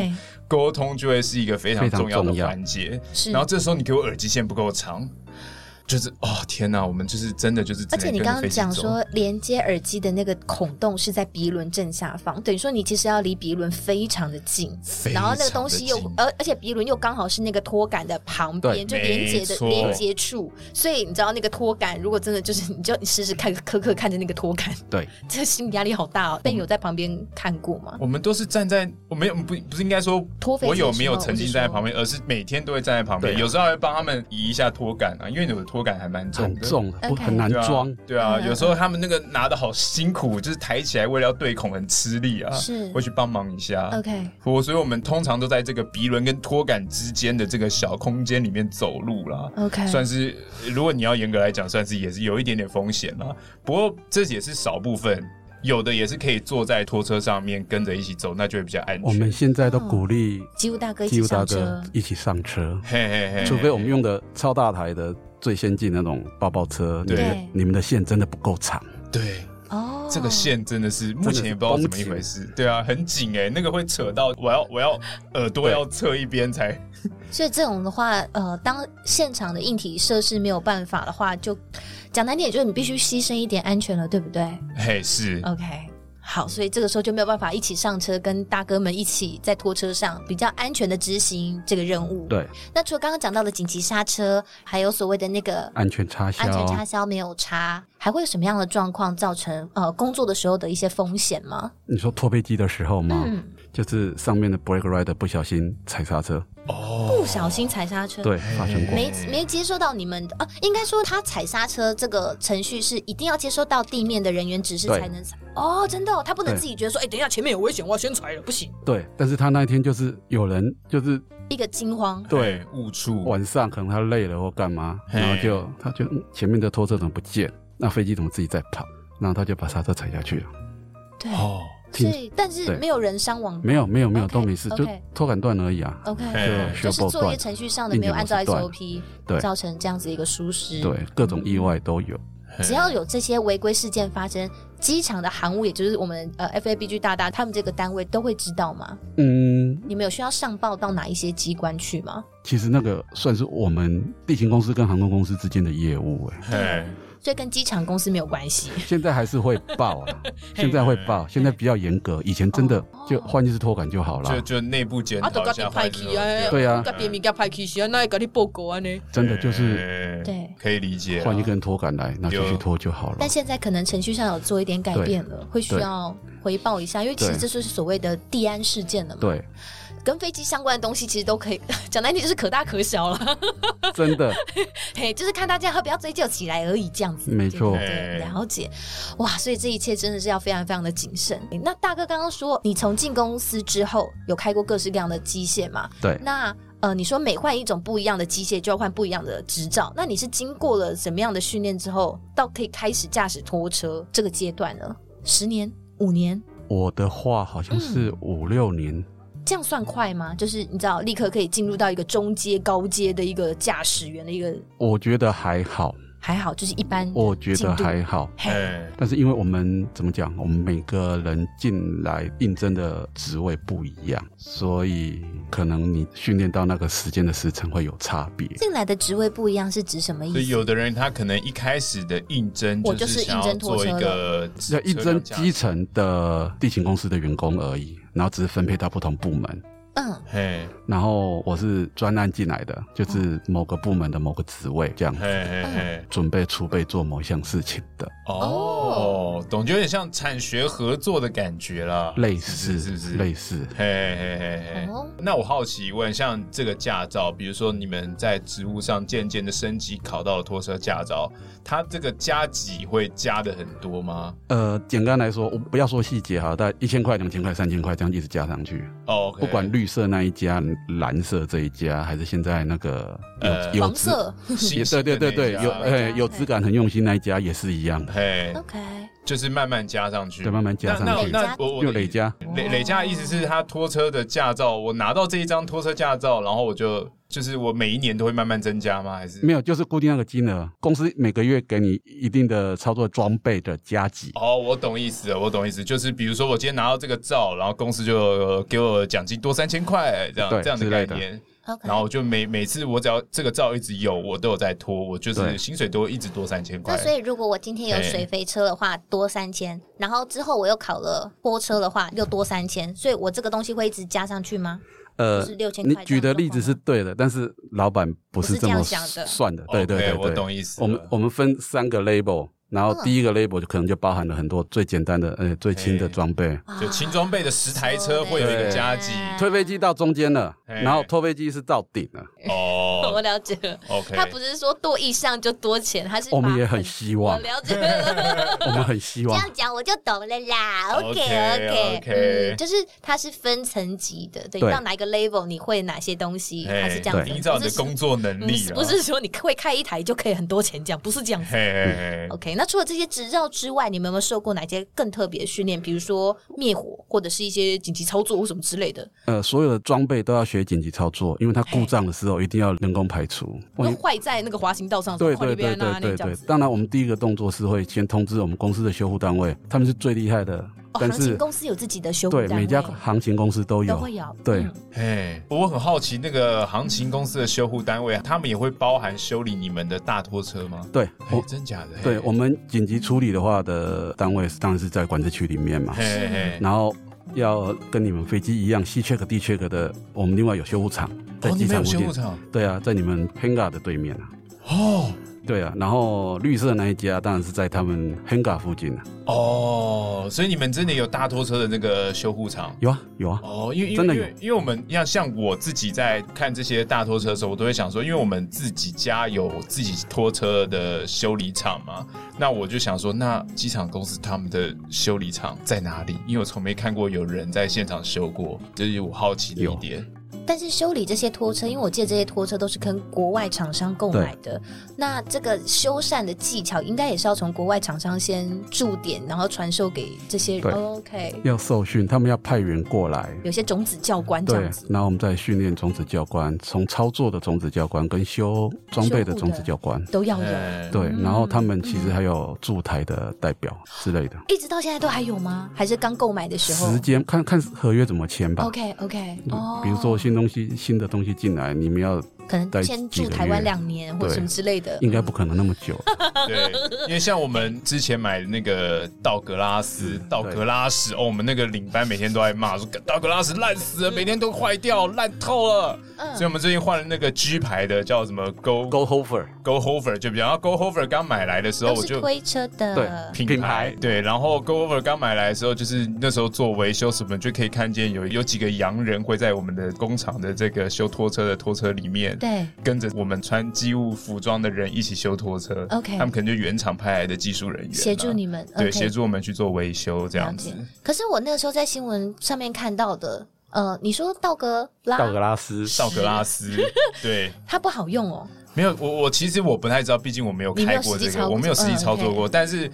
溝通就會是一個非常重要的環節是。然後這時候你給我耳機線不夠長。就是哦，天吶，我們就是真的就是，而且你剛剛講說連接耳機的那個孔洞是在鼻輪正下方，等於說你其實要離鼻輪非，非常的近，然後那個東西又而而且鼻輪又剛好是那個托桿的旁邊，就連接的連接處，所以你知道那個托桿，如果真的就是你就你時時看、刻刻看着那個托桿，對，這個心理壓力好大哦。但、嗯、有在旁邊看過嗎？我們都是站在，我沒有不不是應該說我有沒有曾經站在旁邊，而是每天都會站在旁邊，有時候會幫他們移一下托桿啊，因為你們拖。拖桿還蠻重的，很，重、okay. 很難裝。對啊，對啊 okay. 有時候他們那個拿的好辛苦，就是抬起來為了要對孔很吃力啊。是，會去幫忙一下。OK。所以我們通常都在這個鼻輪跟拖桿之間的這個小空間裡面走路啦。OK。算是，如果你要嚴格來講，算是也是有一點點風險了。Okay. 不過這也是少部分，有的也是可以坐在拖車上面跟着一起走，那就會比較安全。我們現在都鼓勵機務大哥機務大哥一起上車，起上車嘿嘿嘿嘿嘿。除非我們用的超大台的。最先進那種抱抱車對，對，你們的線真的不夠長。對，哦、oh,，這個線真的是目前也不知道怎麼一回事。對啊，很緊哎、欸，那個會扯到我要我要耳朵要側一邊才。 所以這種的話，呃，當現場的硬體設施沒有辦法的話，就講難聽點，就是你必須犧牲一點安全了，對不對？哎、hey,，是。OK。好，所以這個時候就沒有辦法一起上車，跟大哥們一起在拖車上比較安全的執行這個任務。對。那除了剛剛講到的緊急剎車，還有所謂的那個安全插銷，安全插銷沒有插，還會有什麼樣的狀況造成呃工作的時候的一些風險嗎？你說拖飛機的時候嗎？嗯，就是上面的 brake rider 不小心踩剎車。哦、oh。不小心踩剎車。對，發生過。沒沒接收到你們的啊？應該說他踩剎車這個程序是一定要接收到地面的人員指示才能踩。哦，真的，哦，他不能自己覺得說，哎，欸欸，等一下前面有危險，我要先踩了，不行。對，但是他那一天就是有人，就是一個驚慌，對，誤觸。晚上可能他累了或幹嘛，然後就他就，嗯、前面的拖車怎麼不見了？那飛機怎麼自己在跑？然後他就把剎車踩下去了。對哦，所以但是沒有人傷亡，沒有沒有沒有 okay, 都沒事，okay. 就拖桿斷而已啊。OK，就，就是作業程序上的沒有按照 SOP，對，造成這樣子一個疏失，對，各種意外都有。嗯只要有這些違規事件發生，機場的航務，也就是我們呃 FABG 大大他們這個單位都會知道嗎？嗯，你們有需要上報到哪一些機關去嗎？其實那個算是我們地勤公司跟航空公司之間的業務，欸，哎。所以跟機場公司沒有關係。現在還是會報、啊， 現在會報，現在比較嚴格。以前真的就換，一次拖桿就好、哦哦就就啊、就了。就就內部檢討對啊，你、嗯、啊？真的就是對，對，可以理解、啊。換一根拖桿來，那繼續拖就好了。但現在可能程序上有做一點改變了，會需要回報一下，因為其實這就是所謂的地安事件了嘛。對。跟飛機相關的東西其實都可以，講難聽就是可大可小了，真的 就是看大家要不要追究起來而已，這樣子。沒錯，對，了解。哇，所以這一切真的是要非常非常的謹慎，欸。那大哥剛剛說，你從進公司之後有開過各式各樣的機械嗎？對。那呃，你說每換一種不一樣的機械就要換不一樣的執照，那你是經過了什麼樣的訓練之後，到可以開始駕駛拖車這個階段呢？十年？五年？我的話好像是五六年，嗯。這樣算快嗎？就是你知道，立刻可以進入到一個中階、高階的一個駕駛員的一個。我覺得還好，還好就是一般。我覺得還好，嘿。但是因為我們怎麼講，我們每個人進來應徵的職位不一樣，所以可能你訓練到那個時間的時長會有差別。進來的職位不一樣是指什麼意思？有的人他可能一開始的應徵，我就是應徵拖車的，要應徵基層的地勤公司的員工而已。然後只是分配到不同部門。嘿、hey.，然後我是專案進來的，就是某個部門的某個職位這樣子，hey, hey, hey. 準備儲備做某一項事情的。哦、oh, oh.，懂，就有點像產學合作的感覺啦，類似是不是，是不是？類似。嘿嘿嘿嘿，那我好奇問，像這個駕照，比如說你們在職務上漸漸的升級，考到了拖車駕照，它這個加級會加的很多嗎？呃，簡單來說，我不要說細節哈，大概一千塊、兩千塊、三千塊這樣一直加上去。哦、oh, okay.，不管綠。色那一家，藍色這一家，還是現在那個有呃，黃色，對對對對，西西有哎有質感很用心、啊、那一很用心那一家也是一樣的。OK, okay。Okay. 就是慢慢加上去，對，慢慢加上去那。那那我就累加累累加的意思是他拖車的駕照，我拿到這一張拖車駕照，然後我就就是我每一年都會慢慢增加嗎？還是沒有，就是固定那個金額，公司每個月給你一定的操作裝備的加給。哦，我懂意思了，我懂意思，就是比如說我今天拿到這個照，然後公司就、呃、給我獎金多三千塊這樣對這樣的概然後就每、每次我只要這個照一直有，我都有在拖，我就是薪水多一直多三千塊。那所以如果我今天有水肥車的話多三千，然後之後我又考了波車的話又多三千，所以我這個東西會一直加上去嗎？呃，是六千塊。你舉的例子是對的，但是老闆不是這麼是這樣的算的。對對對，對，okay, 我懂意思。我們我們分三個 label。然後第一個 label 就可能就包含了很多最簡單的，呃、哎，最輕的裝備，hey, 就輕裝備的十台車會有一個加急、啊、推飛機到中間了，hey. 然後拖飛機是到頂了。哦、oh, okay.，我了解了。OK，他不是說多一項就多錢，他是我們也很希望了解了，我們很希望這樣講我就懂了啦。OK OK，, okay, okay.、嗯、就是它是分層級的對對，對，到哪一個 label 你會哪些東西，它、hey, 是這樣子的，依照你的工作能力、哦嗯，不是說你會開一台就可以很多錢這樣，講不是這樣子 hey, hey, hey.、嗯。OK。那除了這些執照之外，你們有沒有受過哪些更特別的訓練？比如說滅火，或者是一些緊急操作或什麼之類的？呃，所有的裝備都要學緊急操作，因為它故障的時候一定要人工排除。壞在那個滑行道上，對對對對對對，對，對，對。當然，我們第一個動作是會先通知我們公司的修護單位，他們是最厲害的。但是哦、航勤公司有自己的修護單位，對，每家航勤公司都有，都會有。對，哎，我很好奇那個航勤公司的修護單位啊、嗯，他們也會包含修理你們的大拖車嗎？對、欸，真假的？對，我們緊急處理的話的單位是當然是在管制區裡面嘛，是嘿嘿。然後要跟你們飛機一樣，C check、D check 的，我們另外有修護廠，在機場附近，哦修護場。對啊，在你們 Penga 的對面啊。哦。對啊，然後綠色那一家當然是在他們 Hangar 附近了。哦，所以你們真的有大拖車的那個修護廠？有啊，有啊。哦、oh，因為真的有，因為因為我們要像我自己在看這些大拖車的時候，我都會想說，因為我們自己家有自己拖車的修理廠嘛，那我就想說，那機場公司他們的修理廠在哪裡？因為我從沒看過有人在現場修過，就是我好奇的一點。但是修理這些拖車，因為我記得，這些拖車都是跟國外廠商購買的，那這個修繕的技巧應該也是要從國外廠商先駐點，然後傳授給這些人。OK。Okay. 要受訓，他們要派員過來，有些種子教官這樣。對，然後我們再訓練種子教官，從操作的種子教官跟修裝備的種子教官都要有。對，嗯，然後他們其實還有駐台的代表之類的。一直到現在都還有嗎？還是剛購買的時候？時間看看合約怎麼簽吧。OK OK。哦，比如說。新東西，新的東西進來，你們要。可能遷住台灣兩年或什麼之類的，應該不可能那麼久。 對，因為像我們之前買的那個道格拉斯，道格拉斯哦，我們那個領班每天都愛罵說道格拉斯爛死了，每天都壞掉，爛透了。所以，我們最近換了那個 G 牌的，叫什麼、GoGoover、Go over Go Hover Go Hover，就比較。Go Hover 剛買來的時候，我就，推車的。對品牌對，然後 Go Hover 剛買來的時候，就是那時候做維修我們就可以看見有有幾個洋人會在我們的工廠的這個修拖車的拖車裡面。對，跟着我們穿機務服裝的人一起修拖車。OK，他們可能就原廠派來的技術人員協助你們，okay、對，協助我們去做維修這樣子。可是我那個時候在新聞上面看到的，呃，你說道格拉道格拉斯道格拉斯，拉斯 對，它不好用哦？沒有，我我其實我不太知道，畢竟我沒有開過這個，沒我沒有實際操作過，嗯 okay、但是。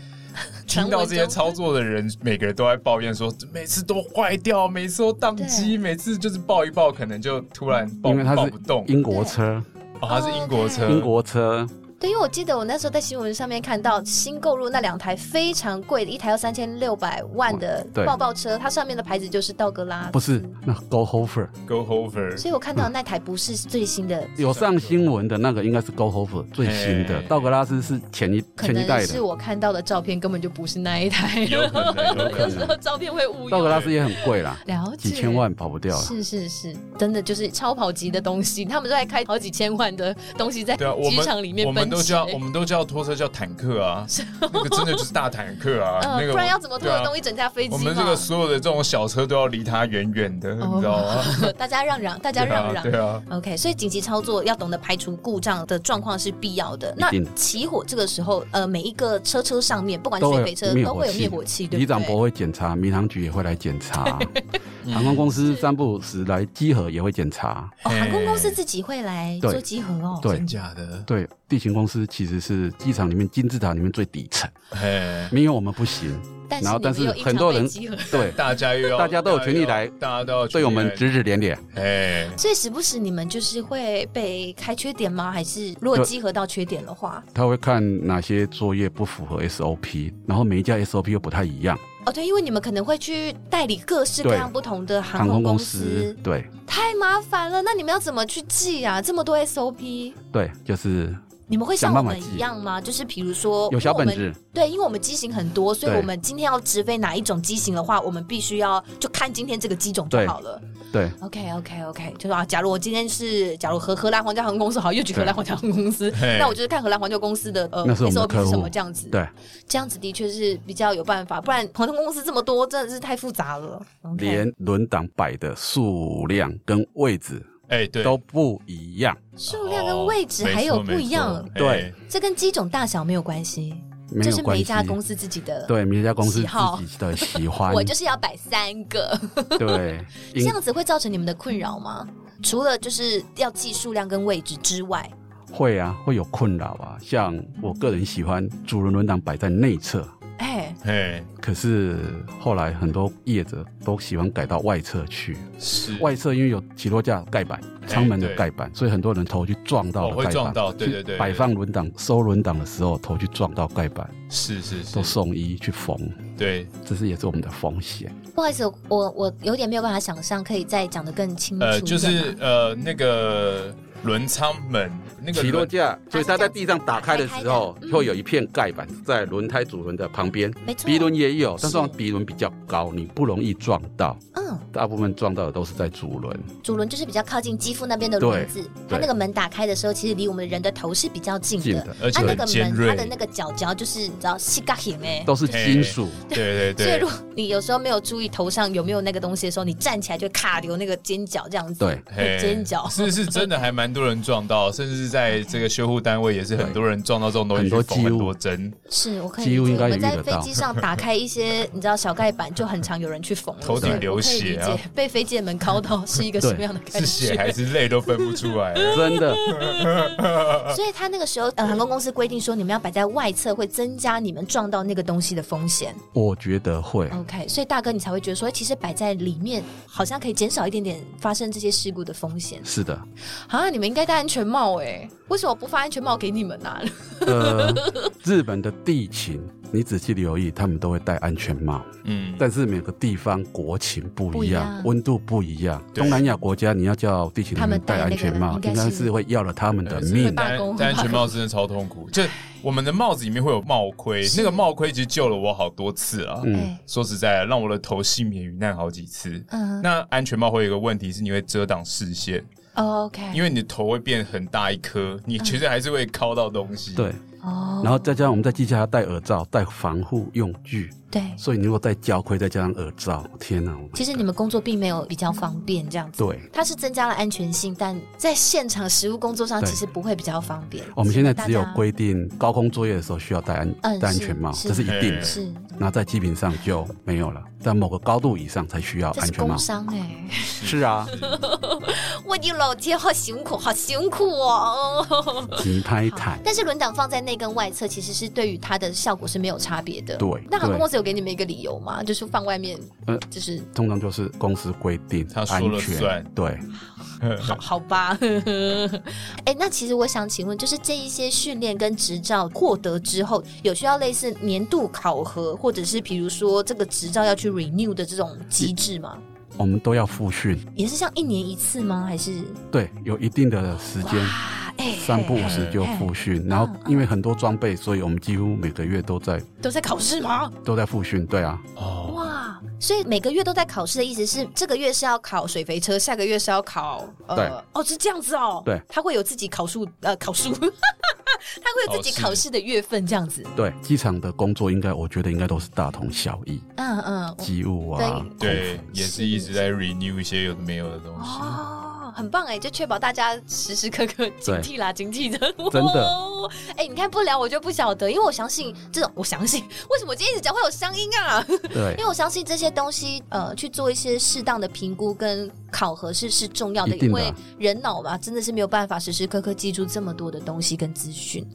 聽到這些操作的人，每個人都在抱怨說，每次都壞掉，每次都當機，每次就是抱一抱，可能就突然抱不動，因為它是英國車，哦，它是英國車，oh, okay. 英國車。對，因為我記得我那時候在新聞上面看到新購入那兩台非常貴的，一台要三千六百萬的巴庫車，它上面的牌子就是道格拉斯。不是，那 Go Hofer，Go Hofer。所以我看到的那台不是最新的、嗯。有上新聞的那個應該是 Go Hofer 最新的，欸、道格拉斯是前一前一代的。可能是我看到的照片根本就不是那一台。有可能，有可能。 有時候照片會誤導。道格拉斯也很貴啦，了解。幾千萬跑不掉了。是是是，真的就是超跑級的東西，他們都在開好幾千萬的東西在機場裡面、啊、奔。都叫，我們都叫拖車叫坦克啊， 那個真的就是大坦克啊，呃、那個不然要怎麼拖得動一整架飛機、啊？我們這個所有的這種小車都要離它遠遠的，oh, 你知道嗎？ 大家讓讓，大家讓讓、啊，對啊。OK，所以緊急操作要懂得排除故障的狀況是必要的。那起火這個時候，呃，每一個車車上面不管是水肥車，車都會有滅火，火器，對不對？里長伯會檢查，民航局也會來檢查。航空公司三不五時來集合，也會檢查，嗯，哦，航空公司自己會來做集合哦，真假的？對，地勤公司其實是機場裡面金字塔裡面最底層。哎、嗯嗯，沒有我們不行。然後但是有一，然後但是很多人對 大家，有對大家有，大家都有權利來，大家都有對我們指指點點，哎、欸。所以時不時你們就是會被開缺點嗎？還是如果集合到缺點的話，他會看哪些作業不符合 SOP？然後每一家 SOP 又不太一樣。哦、oh，對，因為你們可能會去代理各式各樣不同的航空公司，對，對，太麻煩了。那你們要怎麼去記啊？這麼多 SOP，對，就是。你們會像我們一樣嗎？就是比如說，有小本子對，因為我們機型很多，所以我們今天要直飛哪一種機型的話，我們必須要就看今天這個機種就好了。對,對，OK OK OK，就說啊，假如我今天是假如荷荷蘭皇家航空公司好，又舉荷蘭皇家航空公司，那我就是看荷蘭皇家公司的呃 SOP 是什麼這樣子，對，這樣子的確是比較有辦法，不然航空公司這麼多，真的是太複雜了。Okay. 連輪擋擺的數量跟位置。哎、欸，對，都不一樣，數量跟位置還有不一樣，哦、對、欸，這跟機種大小沒有關係，這、就是每一家公司自己的，對，每一家公司自己的喜歡。 我就是要擺三個， 對，這樣子會造成你們的困擾嗎、嗯？除了就是要記數量跟位置之外，會啊，會有困擾吧。像我個人喜歡主輪輪檔擺在內側。哎、hey，可是後來很多業者都喜歡改到外側去。是，外側因為有起落架蓋板、艙、hey, 門的蓋板，所以很多人頭去撞到蓋板、哦，會撞到對對對，擺放輪擋、收輪擋的時候，頭去撞到蓋板，是是、是，都送醫去縫。對，這是也是我們的風險。不好意思，我我有點沒有辦法想象，可以再講得更清楚、呃、就是呃，那個。輪艙門那個起落架，所以它在地上打開的時候會、嗯、有一片蓋板在輪胎主輪的旁邊沒錯，鼻輪也有，但是我們鼻輪比較高，你不容易撞到嗯，大部分撞到的都是在主輪，主輪就是比較靠近機腹那邊的輪子，它那個門打開的時候其實離我們人的頭是比較近的，近的，而且它那個門它的那個角角，就是你知道膝蓋裡面都是金屬、就是、對，對對對，所以如果你有時候沒有注意頭上有沒有那個東西的時候，你站起來就卡留那個尖角這樣子對，對尖角是不是真的還蠻很多人撞到，甚至在這個修護單位也是很多人撞到這種東西，很多針，是我看幾乎應該我們在飛機上打開一些，你知道小蓋板就很常有人去縫，頭頂流血、啊，被飛機的門敲到是一個什麼樣的感覺？是血還是淚都分不出來、啊， 真的。 所以他那個時候，嗯，航空公司規定說你們要擺在外側，會增加你們撞到那個東西的風險。我覺得會。OK，所以大哥你才會覺得說，其實擺在裡面好像可以減少一點點發生這些事故的風險。是的，啊。你們應該戴安全帽哎、欸，為什麼我不發安全帽給你們呢、啊？ 呃，日本的地勤，你仔細留意，他們都會戴安全帽。嗯，但是每個地方國情不一樣，溫度不一樣。東南亞國家你要叫地勤他們戴安全帽，應該是，是會要了他們的命。戴安全帽真的超痛苦，就我們的帽子裡面會有帽盔，那個帽盔其實救了我好多次啊。嗯，說實在的，讓我的頭幸免於難好幾次。嗯，那安全帽會有一個問題是，你會遮擋視線。哦、oh，OK，因為你的頭會變很大一顆，你其實還是會摳到東西、okay。對，哦，然後再加上我們在地下還要戴耳罩、戴防護用具。對，所以你如果戴膠盔再加上耳罩，天哪、oh！其實你們工作並沒有比較方便這樣子。對，它是增加了安全性，但在現場實務工作上其實不會比較方便。我們現在只有規定高空作業的時候需要戴安戴安全帽，這是一定的。是，那在機坪上就沒有了，在某個高度以上才需要安全帽。是啊。我的老天，好辛苦，好辛苦哦！停拍台，但是輪檔放在內跟外側，其實是對於它的效果是沒有差別的。對，那航空公司。有給你們一個理由嗎？就是放外面，嗯、就是通常就是公司規定安全，他說了算，對， 好好吧。哎、 欸，那其實我想請問，就是這一些訓練跟執照獲得之後，有需要類似年度考核，或者是比如說這個執照要去 renew 的這種機制嗎？我們都要複訓，也是像一年一次嗎？還是對，有一定的時間。三不五時就復訓、欸，然後因為很多裝備，所以我們幾乎每個月都在都在考試嗎？都在復訓，對啊。哦哇，所以每個月都在考試的意思是，這個月是要考水肥車，下個月是要考呃，對哦，是這樣子哦。對，他會有自己考書呃考書， 他會有自己考試的月份這樣子。對，機場的工作應該我覺得應該都是大同小異。嗯嗯，機務啊，對，也是一直在 renew 一些有的沒有的東西。哦很棒哎、欸，就確保大家時時刻刻警惕啦，警惕着。真的，哎、欸，你看不聊我就不曉得，因為我相信，這種我相信，為什麼我今天一直講會有聲音啊？對，因為我相信這些東西，呃，去做一些適當的評估跟考核是是重要的，的因為人腦嘛，真的是沒有辦法時時刻刻記住這麼多的東西跟資訊。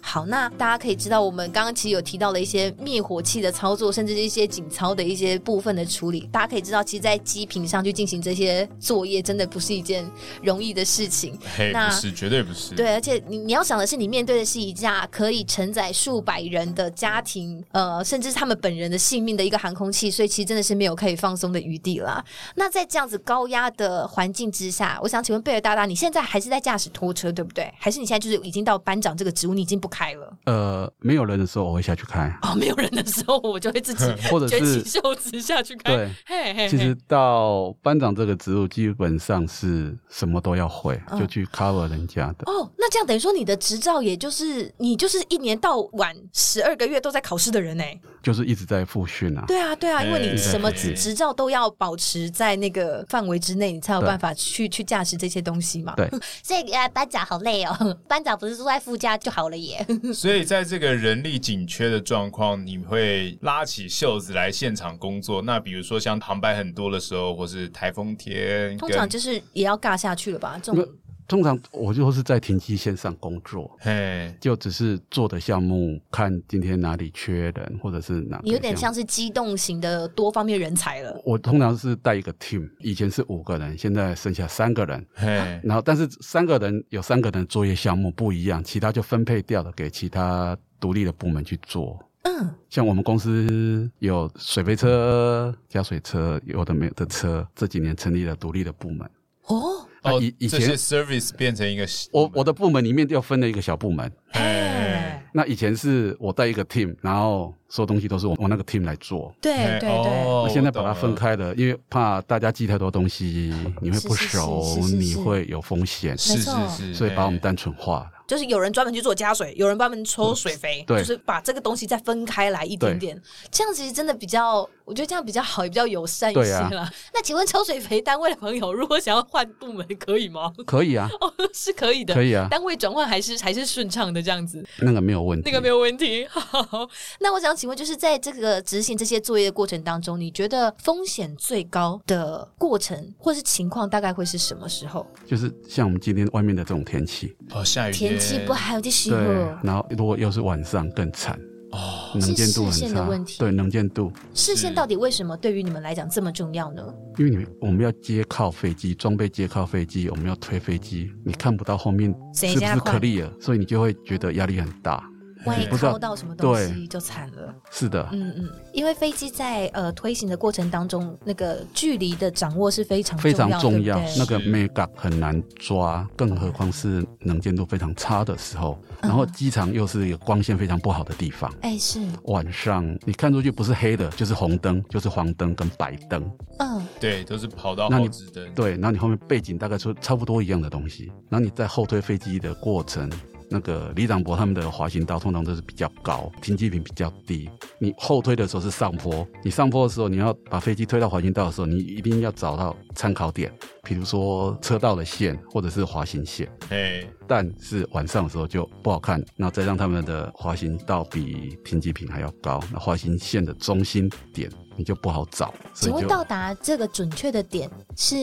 好，那大家可以知道，我們剛剛其實有提到了一些滅火器的操作，甚至是一些緊操的一些部分的處理。大家可以知道，其實，在機坪上去進行這些作業，真的不是一件容易的事情。嘿、hey，那，不是，絕對不是。對，而且你你要想的是，你面對的是一架可以承載數百人的家庭，呃，甚至是他們本人的性命的一個航空器，所以其實真的是沒有可以放鬆的餘地了。那在這樣子高壓的環境之下，我想請問貝爾大大，你現在還是在駕駛拖車，對不對？還是你現在就是已經到班長這個職務，你已經不？開了，呃，沒有人的時候我會下去開。哦，沒有人的時候我就會自己，或者捲起袖子下去開。對，嘿嘿嘿，其實到班長這個職務，基本上是什麼都要會，哦，就去 cover 人家的。哦，那這樣等於說你的執照，也就是你就是一年到晚十二個月都在考試的人呢，就是一直在復訓啊。對啊，對啊，因為你什麼執執照都要保持在那個範圍之內，你才有辦法去去駕駛這些東西嘛。對，所以班長好累哦。班長不是坐在副駕就好了耶。 所以在這個人力緊缺的狀況，你會拉起袖子來現場工作。那比如說像航班很多的時候，或是台風天，通常就是也要尬下去了吧？這種。嗯通常我就是在停機線上工作，嘿、hey. 就只是做的項目，看今天哪裡缺人，或者是哪，有點像是機動型的多方面人才了。我通常是帶一個 team，以前是五個人，現在剩下三個人，嘿、hey. 然後但是三個人有三個人的作業項目不一樣，其他就分配掉了給其他獨立的部門去做。嗯，像我們公司有水肥車、加水車，有的沒有的車，這幾年成立了獨立的部門。哦。哦，以以前 service 變成一個，我我的部門裡面又分了一個小部門。哎、hey.，那以前是我帶一個 team，然後所有東西都是我我那個 team 來做。對對對，現在把它分開了，了，因為怕大家記太多東西，你會不熟，是是是是是你會有風險。是，是是是，所以把我們單純化了。Hey. 就是有人專門去做加水，有人專門抽水肥，嗯對，就是把這個東西再分開來一點點。這樣其實真的比較，我覺得這樣比較好，也比較友善一些了，啊。那請問抽水肥單位的朋友，如果想要換部門，可以嗎？可以啊，哦，是可以的，可以啊。單位轉換還是還是順暢的，這樣子。那個沒有問題，那個沒有問題。好，那我想請問，就是在這個執行這些作業的過程當中，你覺得風險最高的過程或是情況，大概會是什麼時候？就是像我們今天外面的這種天氣，哦，下雨天。不還有點濕，然後如果又是晚上更慘哦，能見度很差。視線的問題。對，能見度。視線到底為什麼對於你們來講這麼重要呢？因為你們，我們要接靠飛機，裝備接靠飛機，我們要推飛機，嗯，你看不到後面是不是 clear 了？所以你就會覺得壓力很大。嗯萬一靠到什麼東西就慘了。是的，嗯嗯，因為飛機在呃推行的過程當中，那個距離的掌握是非常重要的，非常重要，那個 mega 很難抓，更何況是能見度非常差的時候，嗯、然後機場又是一個光線非常不好的地方，哎、嗯欸、是晚上你看出去不是黑的，就是紅燈，就是黃燈跟白燈，嗯，對，就是跑到那你，你對，然後你後面背景大概說差不多一樣的東西，然後你在後推飛機的過程。那個李長博他們的滑行道通常都是比較高，停機坪比較低。你後推的時候是上坡，你上坡的時候，你要把飛機推到滑行道的時候，你一定要找到參考點，比如說車道的線或者是滑行線。誒、hey. 但是晚上的時候就不好看，那再讓他們的滑行道比停機坪還要高，那滑行線的中心點你就不好找。怎麼到達這個準確的點是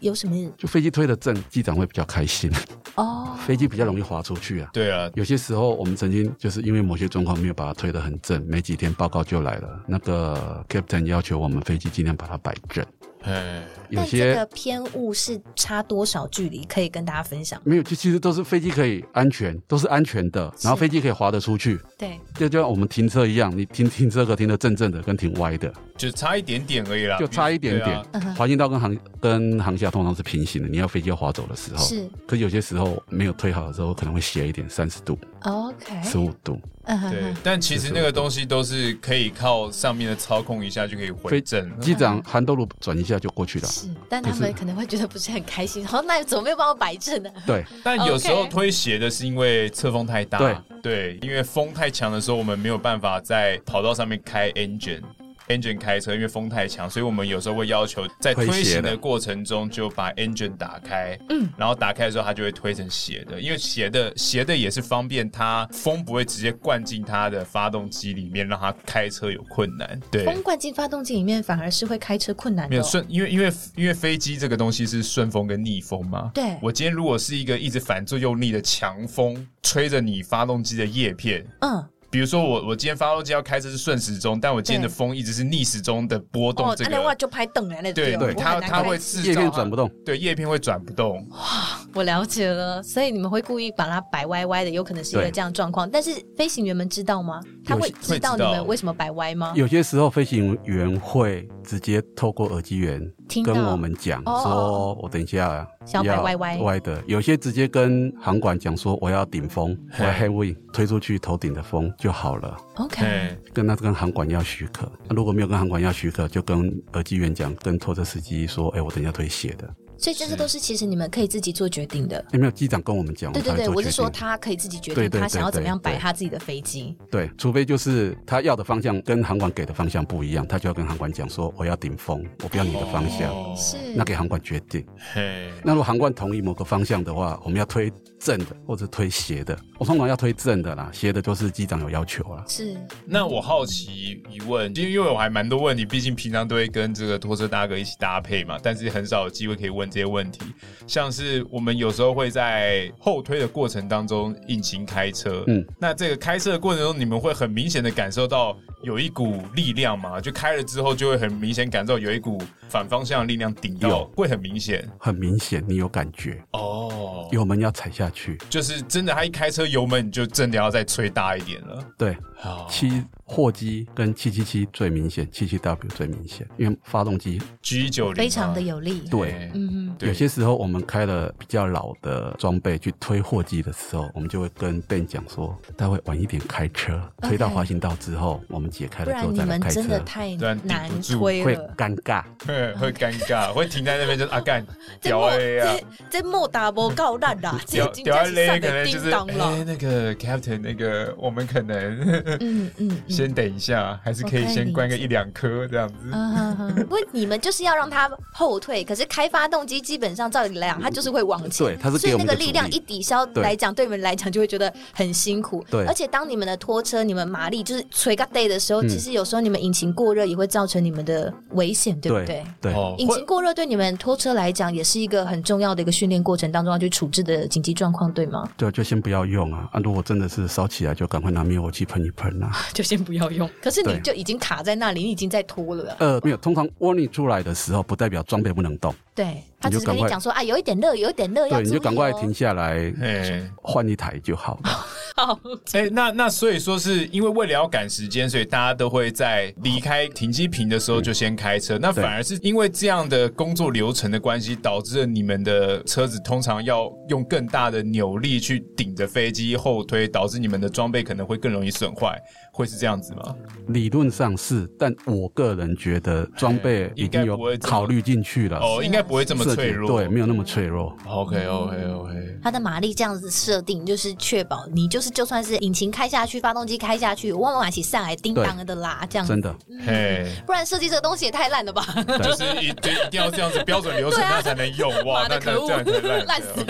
有什麼？就飛機推的正，機長會比較開心哦。Oh. 飛機比較容易滑出去啊。對啊，有些時候我們曾經就是因為某些狀況沒有把它推得很正，沒幾天報告就來了，那個 captain 要求我們飛機儘量把它擺正。呃，有 些偏誤是差多少距離可以跟大家分享？沒有，就其實都是飛機可以安全，都是安全的，然後飛機可以滑得出去。對，就就像我們停車一樣，你停停車，可停得正正的，跟停歪的，就差一點點而已啦，就差一點點。嗯啊、滑行道跟航跟航向通常是平行的，你要飛機要滑走的時候是，可是有些時候沒有推好的時候，可能會斜一點，三十度，OK，十五度。Oh, okay 15度。嗯， 對，但其實那個東西都是可以靠上面的操控一下就可以回正，機 長喊舵輪轉一下就過去了。 是，但他們可能會覺得不是很開心， 好，那你怎麼沒有幫我擺正呢？對，但有時候推斜的是因為側風太大 對，對，因為風太強的時候，我們沒有辦法在跑道上面開 engine。engine 開車，因為風太強，所以我們有時候會要求在推行的過程中就把 engine 打開，嗯，然後打開的時候它就會推成斜的，因為斜的斜的也是方便它風不會直接灌進它的發動機裡面，讓它開車有困難。對，風灌進發動機裡面反而是會開車困難的哦。沒有順，因為因為因為飛機這個東西是順風跟逆風嘛。對，我今天如果是一個一直反作用力的強風吹着你發動機的葉片，嗯。.比如說我我今天發動機要開車是順時鐘，但我今天的風一直是逆時鐘的波動、這個 oh, 這個，這個的話就拍動，哎，那對對，它它會制造葉片轉不，不動，對，葉片會轉不動。哇，我了解了，所以你們會故意把它擺歪歪的，有可能是一個這樣狀況。但是飛行員們知道嗎？他會知道你們為什麼擺歪嗎？有，有些時候飛行員會直接透過耳機員跟我們講說，我等一下要歪的，有些直接跟航管講說，我要頂風，我要黑位推出去頭頂的風就好了。OK，跟他跟航管要許可，如果沒有跟航管要許可，就跟耳機員講，跟拖車司機說，哎，我等一下推斜的。所以這些都是其實你們可以自己做決定的。有、欸、沒有機長跟我們講？對對對，我是說他可以自己決定他想要怎麼樣擺他自己的飛機。對，除非就是他要的方向跟航管給的方向不一樣，他就要跟航管講說我要頂風，我不要你的方向。是、哦，那給航管決定。嘿，那如果航管同意某個方向的話，我們要推正的或者推斜的。我通常要推正的啦，斜的都是機長有要求啦、啊。是，那我好奇一問，因為因為我還蠻多問題，畢竟平常都會跟這個拖車大哥一起搭配嘛，但是很少有機會可以問。這些問題，像是我們有時候會在後推的過程當中引擎開車，嗯，那這個開車的過程中，你們會很明顯的感受到有一股力量嘛，就開了之後就會很明顯感受到有一股反方向的力量頂到，會很明顯，很明顯，你有感覺哦，油門要踩下去，就是真的，他一開車油門你就真的要再催大一點了，對，好、oh.，其。貨機跟七七七最明顯，七七 W 最明顯，因為發動機 G 九零非常的有力。對、嗯，有些時候我們開了比較老的裝備去推貨機的時候，我們就會跟店講說，待會晚一點開車，okay. 推到滑行道之後，我們解開了之後再開車。你們真的太難推了，會尷尬，啊嗯、會尷尬， 會停在那邊就、, 啊啊啊啊、就是阿干搖 A 這莫達波搞爛的，這已經是上的叮當了。那個 Captain，那個我們可能，嗯嗯嗯。嗯先等一下，還是可以先關個一兩顆這樣子。Uh, huh, huh. 不過你們就是要讓它後退。可是開發動機基本上，照理來講，它就是會往前。嗯、對，它是所以那個力量一抵消來講，對你們來講就會覺得很辛苦。對，而且當你們的拖車，你們馬力就是吹個 day 的時候、嗯，其實有時候你們引擎過熱也會造成你們的危險，對不對？對，對引擎過熱對你們拖車來講也是一個很重要的一個訓練過程當中要去處置的緊急狀況，對嗎？對，就先不要用啊。啊，如果真的是燒起來，就趕快拿滅火器噴一噴啊。就先不、啊。要用，可是你就已經卡在那裡，你已經在拖了。呃，沒有，通常 warning 出來的時候，不代表裝備不能動。對。他跟你你就可以講說啊，有一點熱，有一點熱，要、哦、你就趕快停下來，換一台就好了。哎、欸，那那所以說，是因為為了要趕時間，所以大家都會在離開停機坪的時候就先開車。那反而是因為這樣的工作流程的關係，導致了你們的車子通常要用更大的扭力，去頂着飛機後推，導致你們的裝備可能會更容易損壞，會是這樣子嗎？理論上是，但我個人覺得裝備應該有考慮進去了，哦，應該不會這麼。哦脆弱對，沒有那麼脆弱。OK OK OK。它的馬力這樣子設定，就是確保你就是就算是引擎開下去，發動機開下去，萬萬起上來叮噹的拉，這樣子真的。嘿、嗯，hey. 不然設計這個東西也太爛了吧？ 就是一定一定要這樣子標準流程它才能用、啊、哇，可那可惡，爛 死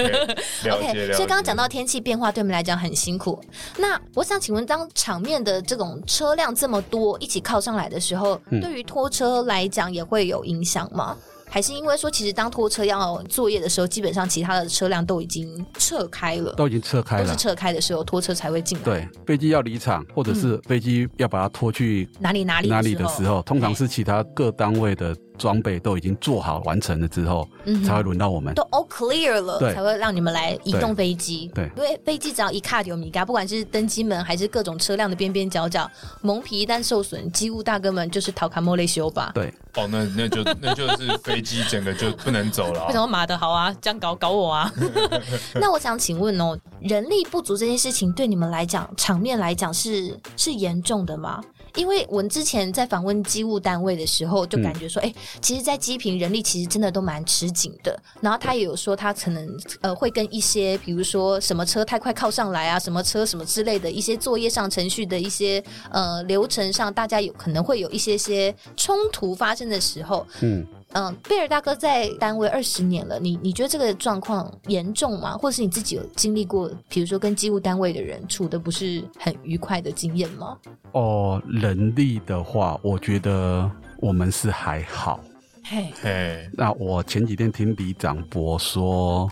了 OK，, okay 所以剛剛講到天氣變化對我們來講很辛苦。那我想請問，當場面的這種車輛這麼多一起靠上來的時候，嗯、對於拖車來講也會有影響嗎？還是因為說，其實當拖車要作業的時候，基本上其他的車輛都已經撤開了，都已經撤開，都是撤開的時候，拖車才會進來。對，飛機要離場，或者是飛機要把它拖去、嗯、哪裡哪裡哪裡的時候，的時候，通常是其他各單位的。裝備都已經做好完成了之後，嗯，才會輪到我們。都 all clear 了，對，才會讓你們來移動飛機。對，因為飛機只要一卡掉，米嘎，不管是登機門還是各種車輛的邊邊角角，蒙皮一旦受損，機務大哥們就是逃卡莫雷修吧。對，哦，那那就那就是飛機整個就不能走了、哦。為什麼馬的好啊？這樣搞搞我啊？ 那我想請問哦，人力不足這件事情對你們來講，場面來講是是嚴重的嗎？因為我們之前在訪問機務單位的時候，就感覺說，哎、嗯欸，其實，在機坪人力其實真的都蠻吃緊的。然後他也有說，他可能呃會跟一些，比如說什麼車太快靠上來啊，什麼車什麼之類的一些作業上程序的一些呃流程上，大家有可能會有一些些衝突發生的時候，嗯。嗯，貝爾大哥在單位二十年了，你你覺得這個狀況嚴重嗎？或是你自己有經歷過，比如說跟機務單位的人處的不是很愉快的經驗嗎？哦，人力的話，我覺得我們是還好。嘿嘿，那我前幾天聽李長博說，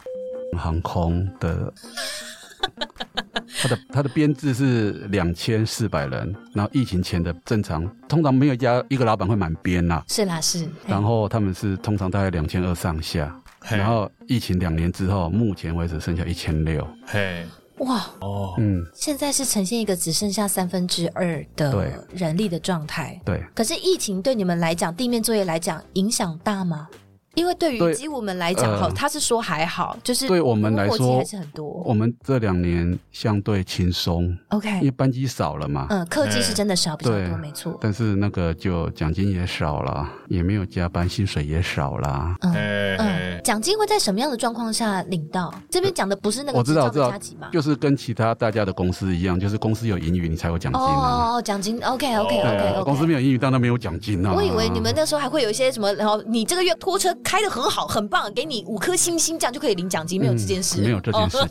航空的。 他的他的編制是兩千四百人，然後疫情前的正常通常沒有一家一個老板會滿編吶，是啦是，然後他們是通常大概兩千二上下，然後疫情兩年之後，目前為止剩下一千六，嘿，哇哦，嗯，現在是呈現一個只剩下三分之二的人力的狀態，對，可是疫情對你們來講地面作業來講影響大嗎？因為對於機務們來講、呃，他是說還好，就是，我是、哦、對我們來說客機還是很多。我們這兩年相對輕鬆，OK，因為班機少了嘛。嗯，客機是真的少，比較多，欸、沒錯。但是那個就獎金也少了，也沒有加班，薪水也少了。嗯、獎、嗯、金會在什麼樣的狀況下領到？這邊講的不是那個我知道，嘛，就是跟其他大家的公司一樣，就是公司有盈餘你才有獎金、啊哦哦哦哦、金。哦，獎金 OK OK OK, okay, okay.、欸、公司沒有盈餘，當然沒有獎金啊。我以為你們那時候還會有一些什麼，然後你這個月拖車。開得很好，很棒，給你五顆星星，這樣就可以領獎金。嗯、沒有這件事，沒有這件事。哦、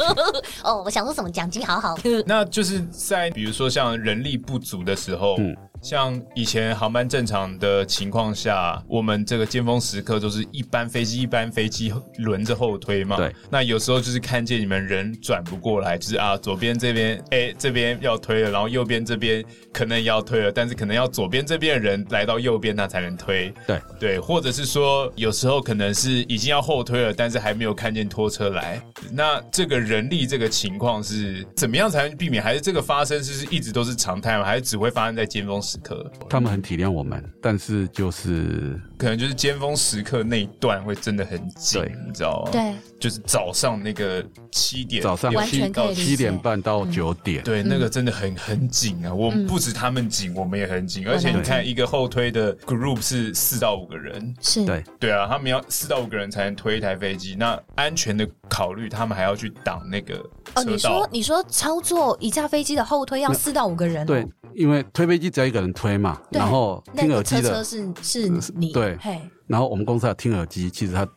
oh, ，oh, 我想說什麼？獎金好好。 那就是在比如說像人力不足的時候。嗯像以前航班正常的情況下，我們這個尖峰時刻都是一班飛機一班飛機輪着後推嘛。對。那有時候就是看見你們人轉不過來，就是啊，左邊這邊哎這邊要推了，然後右邊這邊可能要推了，但是可能要左邊這邊的人來到右邊，那才能推。對對，或者是說有時候可能是已經要後推了，但是還沒有看見拖車來，那這個人力這個情況是怎麼樣才能避免？還是這個發生是，是一直都是常態嗎？還是只會發生在尖峰時刻？時刻，他們很體諒我們，但是就是可能就是尖峰時刻那一段會真的很緊，你知道嗎？對，就是早上那個七點，早上七到七點半到九點、嗯，對，那個真的很很緊啊！我們不止他們緊、嗯，我們也很緊、嗯，而且你看一個後推的 group 是四到五個人，是對，對啊，他們要四到五個人才能推一台飛機。那安全的考慮，他們還要去擋那個哦。你說，你說操作一架飛機的後推要四到五個人，對。對因為推飛機只要一個人推嘛，然後聽耳機的、那個、車車是是你對嘿，然後我們公司還有聽耳機，其實他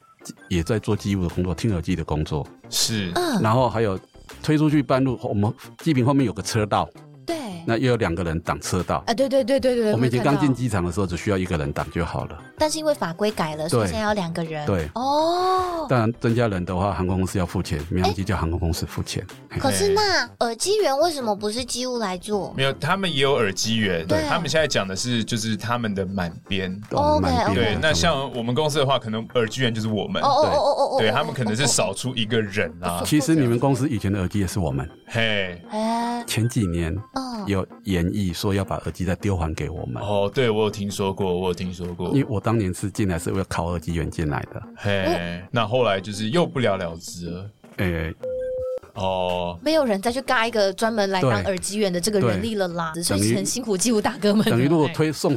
也在做機務的工作，聽耳機的工作是、呃，然後還有推出去半路，我們機坪後面有個車道。對，那又有兩個人擋車道啊！對對對對對。我們以前剛進機場的時候，只需要一個人擋就好了。但是因為法規改了，所以現在要兩個人。對，哦。當然增加人的話，航空公司要付錢，民航局叫航空公司付錢。可是那耳機員為什麼不是機務來做？沒有，他們也有耳機員。對，他們現在講的是就是他們的滿編。哦，對滿編 okay, okay. 對。那像我們公司的話，可能耳機員就是我們。哦哦哦哦哦。對，哦對，哦對哦他們可能是少出一個人、哦哦、啊。其實你們公司以前的耳機也是我們。嘿、哎。哎。前幾年。Oh. 有演繹說要把耳機再丟還給我們哦，oh, 對我有聽說過，我有聽說過，因為我當年是進來是為了考耳機員進來的，嘿、hey, 欸，那後來就是又不了了之了，誒、欸，哦、oh.，沒有人再去幹一個專門來當耳機員的這個人力了啦，只是很辛苦，機務大哥們等於一路推送。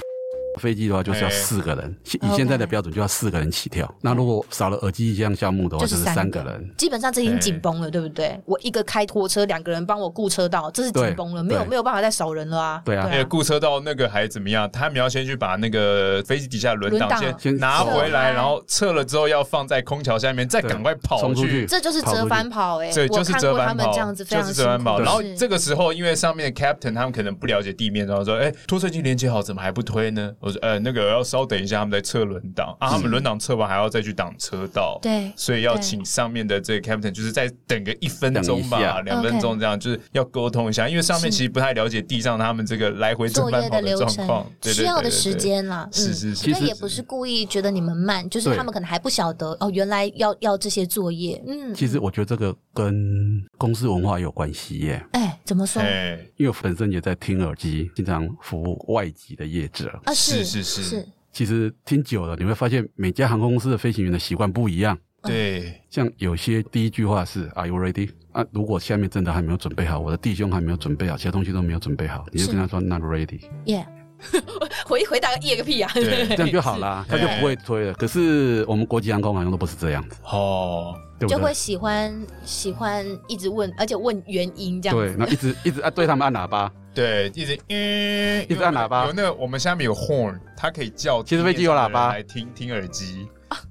飛機的話，就是要四個人，hey. 以現在的標準就要四個人起跳。Okay. 那如果少了耳機一項項目的話就，就是三個人。基本上這已經緊繃了，hey. 對不對？我一個開拖車，兩、hey. 個人幫我顧車道，這是緊繃了，hey. 沒有、hey. 沒有辦法再少人了啊。Hey. 對啊，而且顧車道那個還怎麼樣？他們要先去把那個飛機底下輪擋先，先拿回來、啊，然後撤了之後要放在空橋下面，再趕快跑去出去。這就是折返跑誒、欸，對，就是折返跑，他們這樣子就是折返跑。然後這個時候，因為上面的 captain 他們可能不了解地面，然後說：“哎、欸，拖車已經連接好，怎麼還不推呢？”我說呃、欸，那個要稍等一下他、啊，他們在測輪擋啊，他們輪擋測完還要再去擋車道，對，所以要請上面的這個 captain 就是再等個一分鐘吧，兩分鐘這樣，okay. 就是要溝通一下，因為上面其實不太了解地上他們這個來回作業的，的流程對對對對，需要的時間啦、嗯。是是是，是，那也不是故意覺得你們慢，就是他們可能還不曉得哦，原來要要這些作業，嗯，其實我覺得這個跟公司文化有關係耶，哎、欸，怎麼說？哎、欸，因為我本身也在聽耳機，經常服務外籍的業者，啊是。是是，是是是其實聽久了，你會發現每家航空公司的飛行員的習慣不一樣。對，像有些第一句話是 Are you ready？啊，如果下面真的還沒有準備好，我的弟兄還沒有準備好，其他東西都沒有準備好，你就跟他說 Not ready。Yeah， 回回答個 Yeah 個屁啊。對對，這樣就好啦，他就不會推了。可是我們國際航空好像都不是這樣子哦、oh.，就會喜歡喜歡一直問，而且問原因這樣子。對，那一直一直按、 啊、對他們按喇叭。對，一直，嗯，一直按喇叭，有那個我們下面有 horn，它可以叫聽聽，其實飛機有喇叭，來聽聽耳機。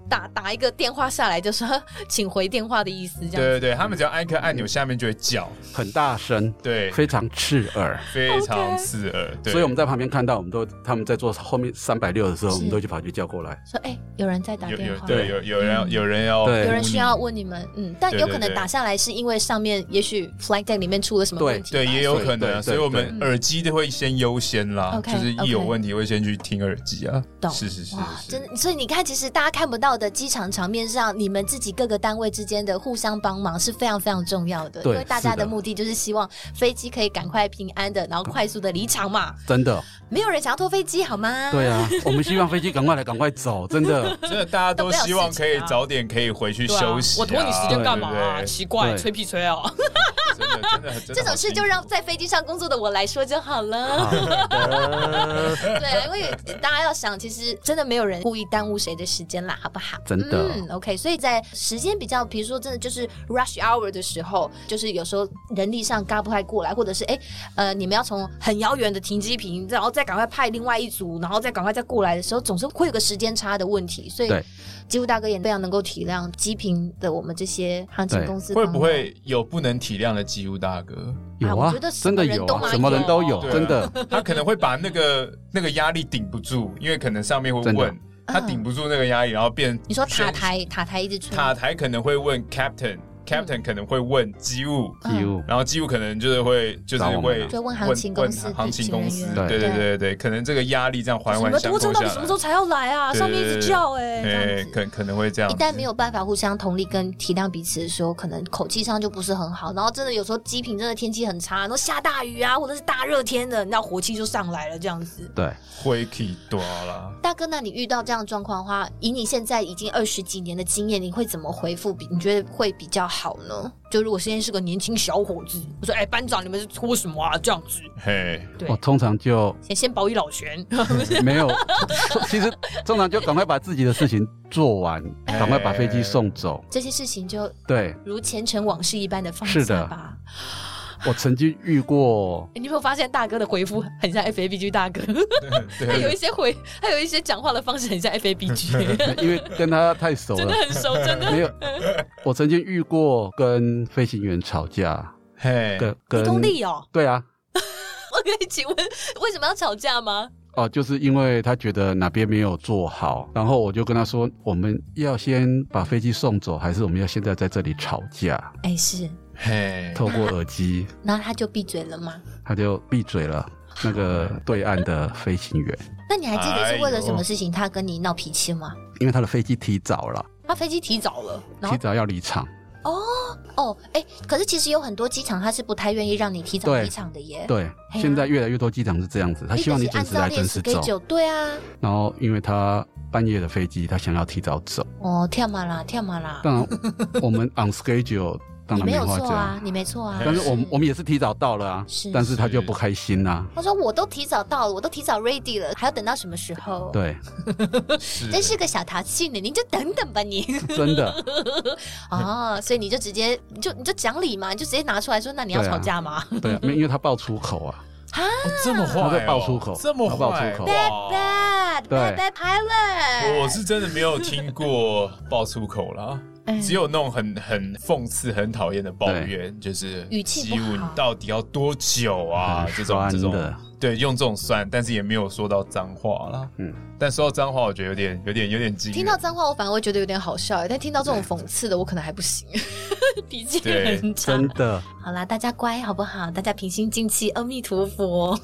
打打一個電話下來就說請回電話的意思，這樣對對對，嗯，他們只要按一個按鈕，嗯，下面就會叫很大聲，對，非常刺耳， 非常刺耳，okay. 對。所以我們在旁邊看到，我們都他們在做後面三百六的時候，我們都就跑去叫過來，說哎，欸，有人在打電話，有有人有，有人要，嗯有人要，有人需要問你們，嗯，但有可能打下來是因為上面也許 flight deck 裡面出了什麼問題。對，對，也有可能，所以，所以我們耳機都會先優先啦，嗯，就是一有問題會先去聽耳機啊，懂，okay, okay？是是是，是，是哇，真的，所以你看，其實大家看不到。的機場場面上，你們自己各個單位之間的互相幫忙是非常非常重要的，對，因為大家的目的就是希望飛機可以趕快平安的，然後快速的離場嘛。真的，沒有人想要拖飛機好嗎？對啊，我們希望飛機趕快來，趕快走。真的， 真的大家都希望可以早點可以回去休息啊。我拖你時間幹嘛啊？對對對，奇怪，吹屁吹哦。這種事就讓在飛機上工作的我來說就好了。 對，因為大家要想，其實真的沒有人故意耽誤誰的時間啦，好不好？真的、嗯、，OK，所以在時間比較，比如說真的就是 rush hour 的時候，就是有時候人力上嘎不開過來，或者是哎、欸，呃，你們要從很遙遠的停機坪，然後再趕快派另外一組，然後再趕快再過來的時候，總是會有個時間差的問題。所以機務大哥也非常能夠體諒機坪的我們這些航勤公司，會不會有不能體諒的機務大哥？有啊，啊我覺得嗎真的有、啊，什麼人都有、啊啊，真的，他可能會把那個那個壓力頂不住，因為可能上面會問。Uh, 他頂不住那個壓力，然後變。你說塔台，塔台一直催。塔台可能會問 Captain。Captain、嗯、可能會問機務，機、嗯、務，然後機務可能就是會就是會就問航勤公司，航勤公司，對對對對，對可能這個壓力這樣環環相扣。你們麼拖車到底什麼時候才要來啊？對對對對上面一直叫哎、欸，哎，可、欸、可能會這樣。一旦沒有辦法互相同理跟體諒彼此的時候，可能口氣上就不是很好。然後真的有時候機坪真的天氣很差，然後下大雨啊，或者是大熱天的，那火氣就上來了這樣子。對，火氣大了，大哥，那你遇到這樣狀況的話，以你現在已經二十幾年的經驗，你會怎麼回覆？比你覺得會比較好？好呢，就如果現在是個年輕小伙子，我說哎、欸，班長你們是拖什麼啊這樣子？嘿、hey.，對，我、哦、通常，就先先保一老全、 嗯，沒有， 其實通常就趕快把自己的事情做完，趕、hey. 快把飛機送走，hey. 這些事情就對，如前塵往事一般的放下吧。是的。 我曾經遇過、欸，你有沒有發現大哥的回復很像 FABG 大哥？ 他有一些回，他有一些講話的方式很像 FABG。 因為跟他太熟了，真的很熟，真的沒有。我曾經遇過跟飛行員吵架，嘿， 跟跟。同理哦。對啊。 我可以請問為什麼要吵架嗎？哦、呃，就是因為他覺得哪邊沒有做好，然後我就跟他說：我們要先把飛機送走，還是我們要現在在這裡吵架？哎、欸，是。嘿、hey，透過耳機，然後他，他就閉嘴了嗎？他就閉嘴了。那個對岸的飛行員， 那你還記得是為了什麼事情他跟你鬧脾氣嗎、哎？因為他的飛機提早了，他飛機提早了，然後提早要離場。哦哦，哎、欸，可是其實有很多機場他是不太願意讓你提早離場的耶。對、對、對、啊，現在越來越多機場是這樣子，他希望你按時來準時走。對啊，然後因為他半夜的飛機，他想要提早走。哦，跳馬啦，跳馬啦。當然，我們 on schedule。 沒有錯啊，你沒錯啊。但是我們是我們也是提早到了啊，是但是他就不開心啊。他說我都提早到了，我都提早 ready 了，還要等到什麼時候？對， 是真是個小淘氣呢，你就等等吧你，你真的。 哦，所以你就直接就你就講理嘛，你就直接拿出來說，那你要吵架嗎？對、啊，沒，因為他爆粗口啊。啊、 哦，這麼壞、哦！爆粗口，這麼壞，爆粗口。Bad bad bad, bad pilot，我是真的沒有聽過爆粗口了。 欸、只有那種很很諷刺、很討厭的抱怨，就是“習武你到底要多久啊？”這種這種對，用這種算，但是也沒有說到髒話啦，嗯，但說到髒話，我覺得有點有點有點激烈。聽到髒話，我反而會覺得有點好笑哎、欸，但聽到這種諷刺的，我可能還不行，對 脾氣很差。真的，好啦，大家乖好不好？大家平心靜氣，阿彌陀佛。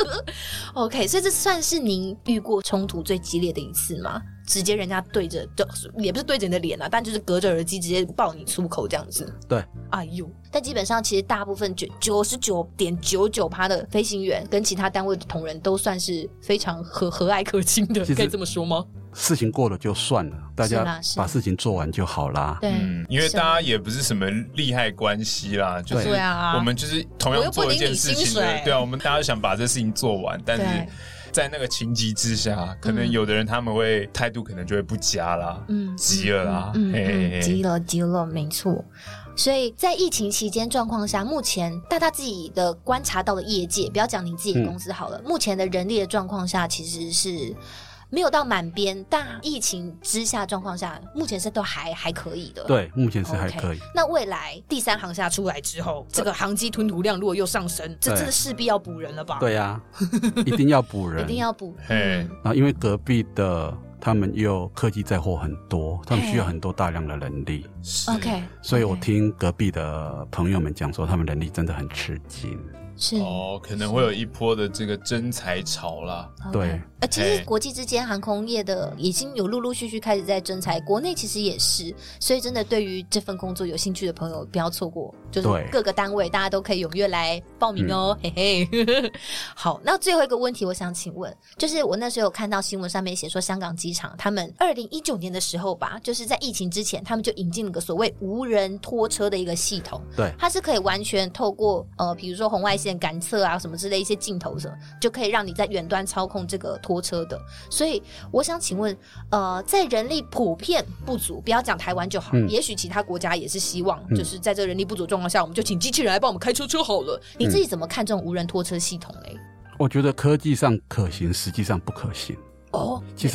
OK，所以這算是您遇過衝突最激烈的一次嗎？直接人家對着，就也不是對着你的臉吶、啊，但就是隔着耳機直接爆你粗口這樣子。對，哎呦！但基本上其實大部分九九十九點九九趴的飛行員跟其他單位的同仁都算是非常和和藹可親的，可以這麼說嗎？事情過了就算了，大家把事情做完就好啦。啦啦對、嗯，因為大家也不是什麼利害關係啦，對啊。就是、我們就是同樣做一件事情啊對啊。我們大家想把這事情做完， 但是。在那個情急之下，可能有的人他們會態、嗯、度可能就會不佳啦，嗯，急了啦，嗯，嘿嘿嘿急了急了，沒錯。所以在疫情期間狀況下，目前大家自己的觀察到的業界，不要講你自己公司好了，嗯、目前的人力的狀況下，其實是。沒有到滿編，但疫情之下狀況下，目前是都還還可以的。對，目前是還可以。Okay. 那未來第三航廈出來之後，這個航機吞吐量如果又上升，這真的勢必要補人了吧？對呀、啊， 一定要補人，一定要補人。然後因為隔壁的他們又科技載貨很多，他們需要很多大量的人力。Hey.OK，所以我聽隔壁的朋友們講說，他們人力真的很吃緊。是哦，可能會有一波的這個徵才潮啦，okay. 對。呃，其實國際之間航空業的已經有陸陸續續開始在徵才，國內其實也是，所以真的對於這份工作有興趣的朋友不要錯過，就是各個單位大家都可以踴躍來報名哦，嗯、嘿嘿。 好，那最後一個問題，我想請問，就是我那時候有看到新聞上面寫說，香港機場他們二零一九年的時候吧，就是在疫情之前，他們就引進了個所謂無人拖車的一個系統，對，它是可以完全透過呃，比如說紅外線。感測啊，什麼之類一些鏡頭什麼，就可以讓你在遠端操控這個拖車的。所以我想請問，呃，在人力普遍不足，不要講台灣就好，嗯、也許其他國家也是希望，嗯、就是在這人力不足狀況下，我們就請機器人來幫我們開車車好了、嗯。你自己怎麼看這種無人拖車系統嘞？我覺得科技上可行，實際上不可行。哦，其實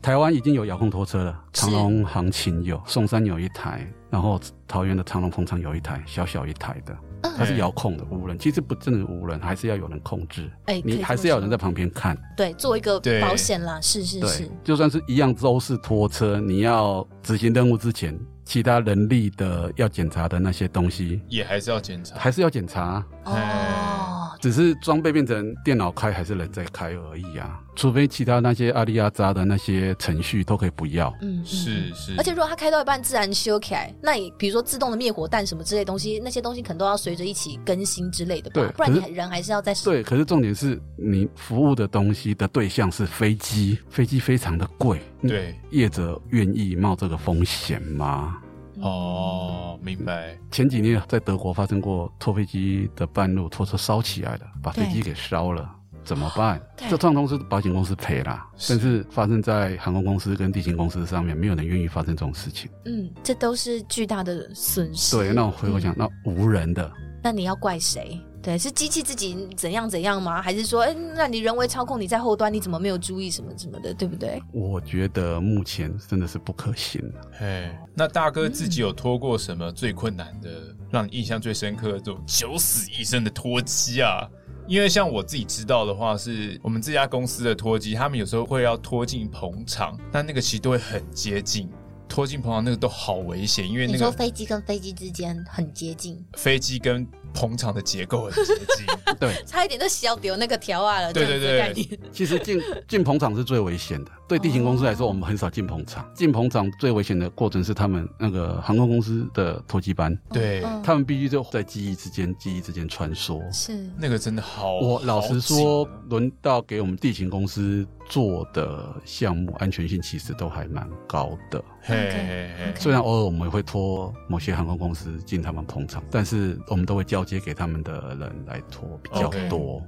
台灣已經有遙控拖車了，長榮航勤有，松山有一台，然後桃園的長榮工廠有一台，小小一台的。它是遙控的無人，其實不真的是無人，還是要有人控制。欸，你還是要有人在旁邊看。對，做一個保險啦，是是是。就算是一樣都是拖車，你要執行任務之前，其他人力的要檢查的那些東西，也還是要檢查，還是要檢查。哦， 只是裝備變成電腦開還是人在開而已啊，除非其他那些阿里阿雜的那些程序都可以不要。嗯，是是。而且如果它開到一半自燃燒起來，那你比如說自動的滅火彈什麼之類的東西，那些東西可能都要隨着一起更新之類的吧？不然你人還是要在。對，可是重點是你服務的東西的對象是飛機，飛機非常的貴，對，業者願意冒這個風險嗎？哦，明白。前幾年啊，在德國發生過拖飛機的半路拖車燒起來了，把飛機給燒了，怎麼辦？這通常是保險公司賠啦。但是發生在航空公司跟地勤公司上面，沒有人願意發生這種事情。嗯，這都是巨大的損失。對，那我回過頭講，那無人的，那你要怪誰？對，是機器自己怎樣怎樣嗎？還是說，哎，那你人為操控你在後端，你怎麼沒有注意什麼什麼的，對不對？我覺得目前真的是不可行。嘿，哎，那大哥自己有拖過什麼最困難的、嗯，讓你印象最深刻的這種九死一生的拖機啊？因為像我自己知道的話，是我們這家公司的拖機，他們有時候會要拖進棚場，但那個其實都會很接近，拖進棚場那個都好危險，因為那時、個、你說飛機跟飛機之間很接近，飛機跟。棚廠的結構很接 對，差一點就削掉那個條啊了。 對，對對對，其實進進棚廠是最危險的。對地勤公司來說，我們很少進棚廠。哦。進棚廠最危險的過程是他們那個航空公司的拖機班，對、哦、他們必須就在機翼之間、機翼之間穿梭。是，那個真的好。我老實說、啊，輪到給我們地勤公司做的項目，安全性其實都還蠻高的。嘿。Okay. Okay. 雖然偶爾我們也會拖某些航空公司進他們棚廠，okay. 但是我們都會教。交接給他們的人來拖比較多，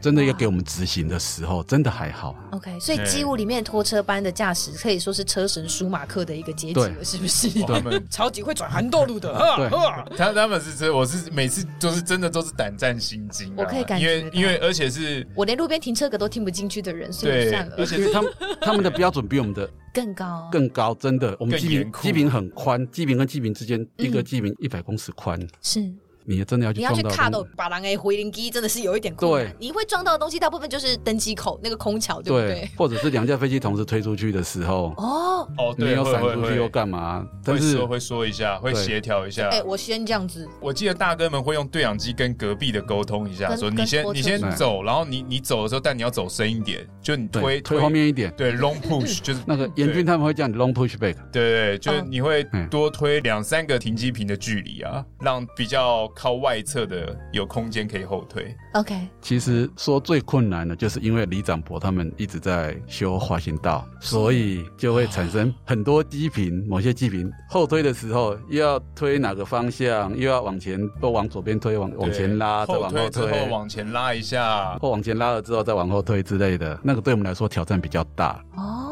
真的要給我們執行的時候，真的還好。OK，所以機務裡面拖車班的駕駛可以說是車神舒馬克的一個階級了，是不是？ 他們超級會轉盤道路的。 啊、對 他他們是真，我是每次都是真的都是膽戰心驚、啊。我可以感覺因，因為而且是我連路邊停車格都聽不進去的人所以，對，而且他們 他們的標準比我們的更高更高，真的。我們機坪機坪很寬，機坪跟機坪之間一個機坪一百公尺寬、嗯，是。你要真的要去，你要去卡到巴蘭 A 回零機，真的是有一點困難。對，你會撞到的東西大部分就是登機口那個空橋，對不對？或者是兩架飛機同時推出去的時候，哦哦，對，會會會，又幹嘛？但是會說一下，會協調一下。哎，我先這樣子。我記得大哥們會用對講機跟隔壁的溝通一下，說你先你先走，然後你你走的時候，但你要走深一點，就你推推，你推你先你先後面一點，對，long push 就是那個。嚴軍他們會叫你 long push back，對對，就是你會多推兩三個停機坪的距離啊，讓比較，靠外側的有空間可以後推。OK。其實說最困難的，就是因為里長伯他們一直在修滑行道，所以就會產生很多機頻、哦，某些機頻後推的時候，又要推哪個方向，又要往前，都往左邊推，往往前拉，再往後推，後，之後往前拉一下，或往前拉了之後再往後推之類的，那個對我們來說挑戰比較大。哦、oh.。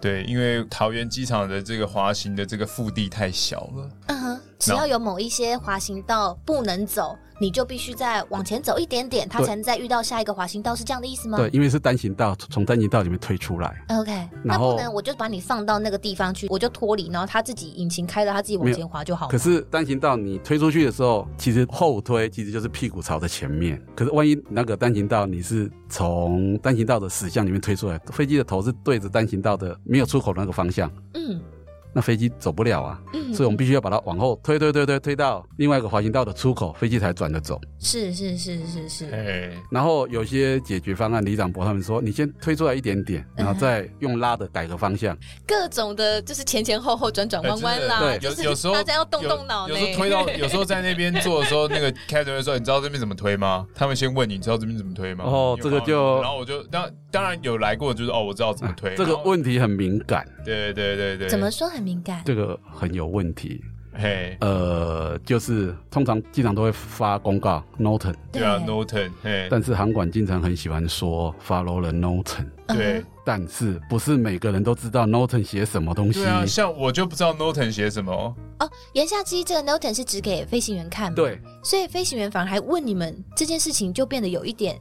對，因為桃園機場的這個滑行的這個腹地太小了。嗯哼。只要有某一些滑行道不能走，你就必須再往前走一點點，他才能再遇到下一個滑行道，是這樣的意思嗎？對，因為是單行道，從單行道裡面推出來。OK，那不能，我就把你放到那個地方去，我就脫離，然後他自己引擎開了，他自己往前滑就好了。可是單行道你推出去的時候，其實後推其實就是屁股朝着前面。可是萬一那個單行道你是從單行道的死巷裡面推出來，飛機的頭是對着單行道的沒有出口的那個方向。嗯。那飛機走不了啊，所以我們必須要把它往後推，推，推，推，推，推到另外一個滑行道的出口，飛機才轉得走。是是是是是。哎，然後有些解決方案，李長博他們說，你先推出來一點點，然後再用拉的改個方向。各種的就是前前後後、轉轉彎彎啦。對，有有時候大家要動動腦子。推到有時候在那邊做的時候，那個 Captain 說：“你知道這邊怎麼推嗎？”他們先問你：“你知道這邊怎麼推嗎？”哦，這個就，然後我就當然有來過，就是哦，我知道怎麼推。啊，這個問題很敏感，對對對對怎麼說很敏感？這個很有問題。嘿、hey，呃，就是通常經常都會發公告，NOTAM。NOTAM，對啊，NOTAM。嘿，但是航管經常很喜歡說 follow the NOTAM。對，NOTAM，對，但是不是每個人都知道 NOTAM 寫什麼東西？啊，像我就不知道 NOTAM 寫什麼。哦、oh，言下之意，這個 NOTAM 是指給飛行員看。對，所以飛行員反而還問你們這件事情，就變得有一點。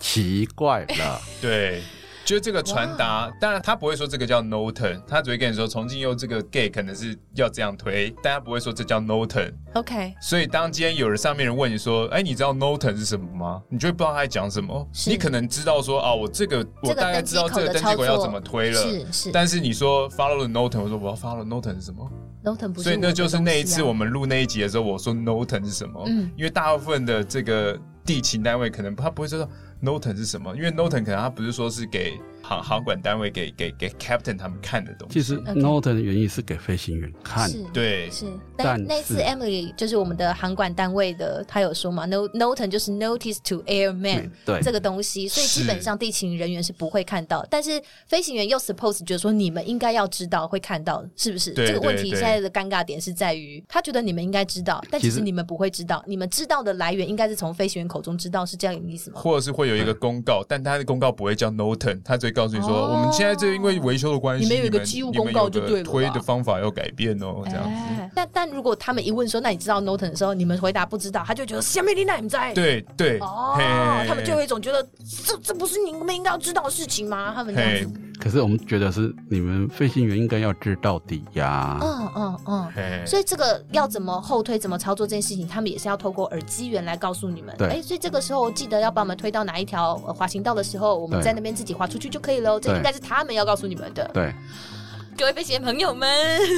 奇怪了， 對，就是這個傳達。當、wow、然他不會說這個叫 noten，他只會跟你說重慶又這個 gate 可能是要這樣推，大家不會說這叫 noten。OK，所以當今天有人上面人問你說，哎、欸，你知道 noten 是什麼嗎？你就會不知道他在講什麼。你可能知道說，哦、啊，我這個、這個、我大概知道這個燈結果要怎麼推了，是是。但是你說 follow the noten，我說我要 follow the noten 是什麼是、啊？所以那就是那一次我們錄那一集的時候，我說 noten 是什麼？嗯，因為大部分的這個地勤單位可能他不會說。note 是什麼？因為 note 可能它不是說是給。航航管單位給給給 Captain 他們看的東西，其實 NOTAM 的原因是給飛行員看，是對，是。那但是那次 Emily 就是我們的航管單位的，他有說嘛，NOTAM NOTAM 就是 Notice to Airman，對，對，這個東西，所以基本上地勤人員是不會看到，是但是飛行員又 Suppose 覺得說你們應該要知道，會看到，是不是對？這個問題現在的尷尬點是在於，他覺得你們應該知道，但其實你們不會知道，你們知道的來源應該是從飛行員口中知道，是這樣的意思嗎？或者是會有一個公告，嗯、但他的公告不會叫 NOTAM，他最高。告訴你說、哦，我們現在就因為維修的關係，你們有一個機務公告就對了，推的方法要改變哦，欸、這樣，但但如果他們一問說，那你知道 NOTAM 的時候，你們回答不知道，他就覺得下面的那你在。對對哦，他們就有一種覺得，這這不是你們應該要知道的事情嗎？他們這樣子。可是我們覺得是你們飛行員應該要知道的呀。嗯嗯嗯。所以這個要怎麼後推、怎麼操作這件事情，他們也是要透過耳機員來告訴你們。對。哎、欸，所以這個時候記得要把我們推到哪一條、呃、滑行道的時候，我們在那邊自己滑出去就可以可以嘍，這應該是他們要告訴你們的。對，各位飛行朋友們，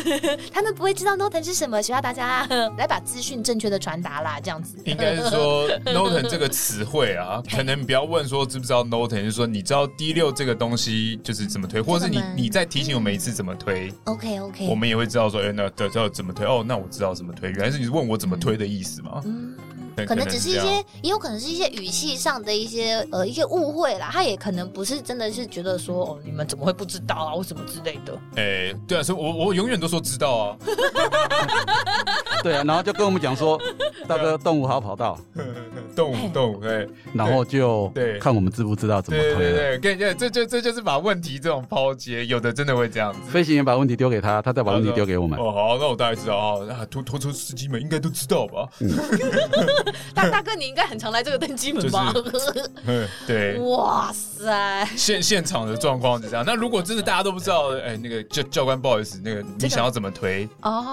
他們不會知道 Norton 是什麼，需要大家來把資訊正確的傳達啦。這樣子應該是說 Norton 這個詞彙啊， 可能不要問說知不知道 Norton，就是說你知道第六這個東西就是怎麼推，或者是你你再提醒我一次怎麼推。OK、這、OK，、個、我們也會知道說，哎，那要怎麼推？哦，那我知道怎麼推，原來是你是問我怎麼推的意思嘛。嗯對，可能只是一些，也有可能是一些語氣上的一些呃一些誤會啦。他也可能不是真的是覺得說哦，你們怎麼會不知道啊或什麼之類的。哎、欸，對啊，所以我我永遠都說知道啊。 對啊，然後就跟我們講說， 大哥，啊、動物好跑道，動物動哎、欸，然後就對，對看我們知不知道怎麼推。對對對，對，這就這就是把問題這種拋接，有的真的會這樣子。飛行員把問題丟給他，他再把問題丟給我們。哦、啊啊啊，好、啊，那我大概知道啊，啊，拖拖車司機們應該都知道吧。 大大哥，你應該很常來這個登機門吧、就是 對，哇塞！現現場的狀況是這樣。那如果真的大家都不知道， 哎,哎,哎，那個教教官，不好意思，那個、這個、你想要怎麼推？哦，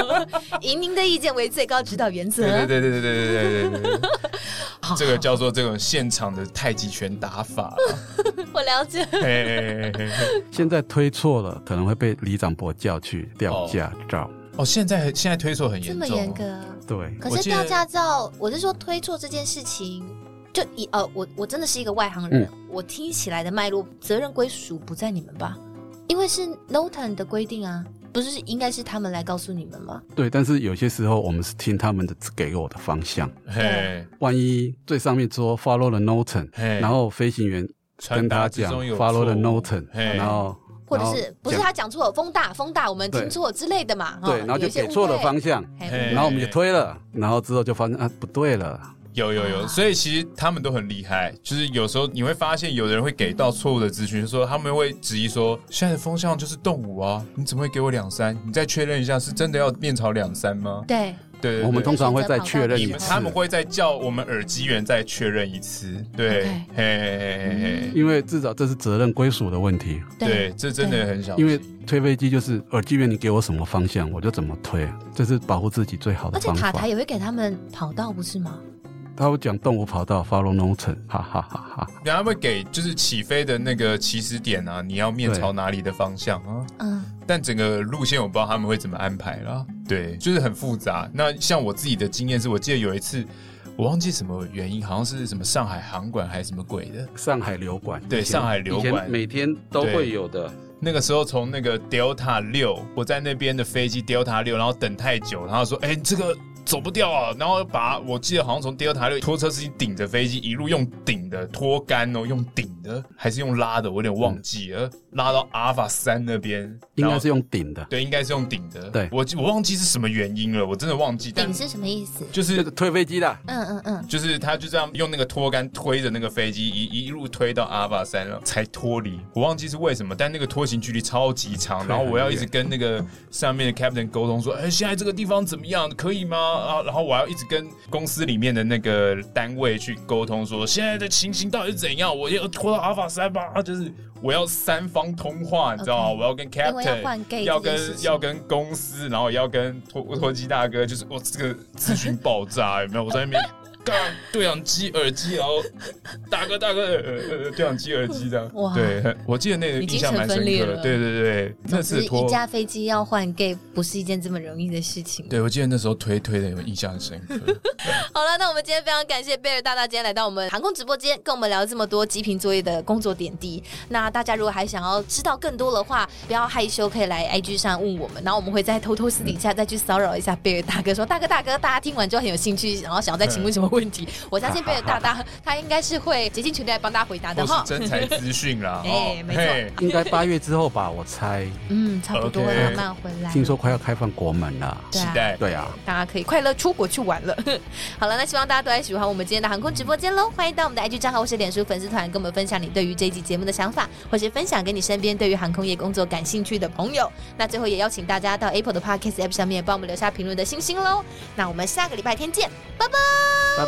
以您的意見為最高指導原則。對對對對對對,對,對,對 好好這個叫做這種現場的太極拳打法。 我了解了嘿嘿嘿嘿嘿。現在推錯了，可能會被李掌波叫去吊駕照。哦哦，現在現在推錯很嚴，這麼嚴格、啊？對。可是吊駕照，我是說推錯這件事情，就以呃、哦，我我真的是一個外行人，嗯、我聽起來的脈絡，責任歸屬不在你們吧？因為是 NOTAM 的規定啊，不是應該是他們來告訴你們嗎？對，但是有些時候我們是聽他們的、嗯、給我的方向，嘿，萬一最上面說 Follow the NOTAM，然後飛行員跟他講 Follow the NOTAM，然後。或者是不是他講錯了風大風大，風大我們聽錯了之類的嘛？對，哦、對，然後就給錯了方向，然後我們就推了，然後之後就發現啊不對了，有有有，所以其實他們都很厲害，就是有時候你會發現，有的人會給到錯誤的資訊，就是、說他們會質疑說現在的風向就是洞五啊，你怎麼會給我兩三？你再確認一下是真的要面朝兩三嗎？對。對，對，對，我們通常會再確認一次對對對。他們會再叫我們耳機員再確認一次。對、okay。嘿嘿嘿嗯，因為至少這是責任歸屬的問題對。對，這真的很小。因為推飛機就是耳機員，你給我什麼方向，我就怎麼推。這是保護自己最好的方法。而且塔台也會給他們跑道，不是嗎？他會講動物跑道，follow 農村哈哈哈哈。然後會給就是起飛的那個起始點啊，你要面朝哪裡的方向啊？嗯。但整個路線我不知道他們會怎麼安排了，對，就是很複雜。那像我自己的經驗是，我記得有一次我忘記什麼原因，好像是什麼上海航管還是什麼鬼的，上海流管，對，上海流管每天都會有的。那個時候從那個 Delta 六，我在那邊的飛機 Delta 六，然後等太久，然後說，哎，這個。走不掉啊！然後把我記得好像從第二台六拖車司機頂着飛機一路用頂的拖桿哦、喔，用頂的還是用拉的？我有點忘記了，嗯、拉到阿爾法3那邊應該是用頂的。對，應該是用頂的。對，我我忘記是什麼原因了，我真的忘記頂是什麼意思，就是、就是、推飛機的。嗯嗯嗯，就是他就這樣用那個拖桿推着那個飛機一一路推到阿爾法3了，才脫離。我忘記是為什麼，但那個拖行距離超級長，然後我要一直跟那個上面的 captain 溝通說：“哎、嗯欸，現在這個地方怎麼樣？可以嗎？”啊，然後我要一直跟公司裡面的那個單位去溝通說，說現在的情形到底是怎樣，我要拖到阿法三八，就是我要三方通話，你知道嗎？Okay. 我要跟 Captain，要，要跟要跟公司，然後要跟拖拖機大哥，就是我這個諮詢爆炸， 有沒有我在那邊。 對講、啊、機、耳機，然後大哥大哥，大哥呃、對講、啊、機、耳機這樣。哇！對，我記得那個已經蠻分裂了。對對對，那次拖一架飛機要換 gate 不是一件這麼容易的事情。對，我記得那時候推推的，有印象很深 好了，那我們今天非常感謝貝爾大大今天來到我們航空直播間，跟我們聊這麼多機坪作業的工作點滴。那大家如果還想要知道更多的話，不要害羞，可以來 IG 上問我們，然後我們會再偷偷私底下、嗯、再去騷擾一下貝爾大哥，說大哥大哥，大家聽完之後很有興趣，然後想要再請問什麼問、嗯。問題，我相信 Bear 大大他應該是會竭盡全力來幫大家回答的哈。是真材資訊啦，哎、 欸，沒錯，應該八月之後吧，我猜。嗯，差不多慢、okay. 慢回來。聽說快要開放國門了，期待，對啊，大家可以快樂出國去玩了。 好了，那希望大家都還喜歡我們今天的航空直播間嘍！歡迎到我們的 IG 賬號，或是臉書粉絲團，跟我們分享你對於這一集節目的想法，或是分享給你身邊對於航空業工作感興趣的朋友。那最後也邀請大家到 Apple 的 Podcast App 上面，幫我們留下評論的星星嘍！那我們下個禮拜天見，拜拜。拜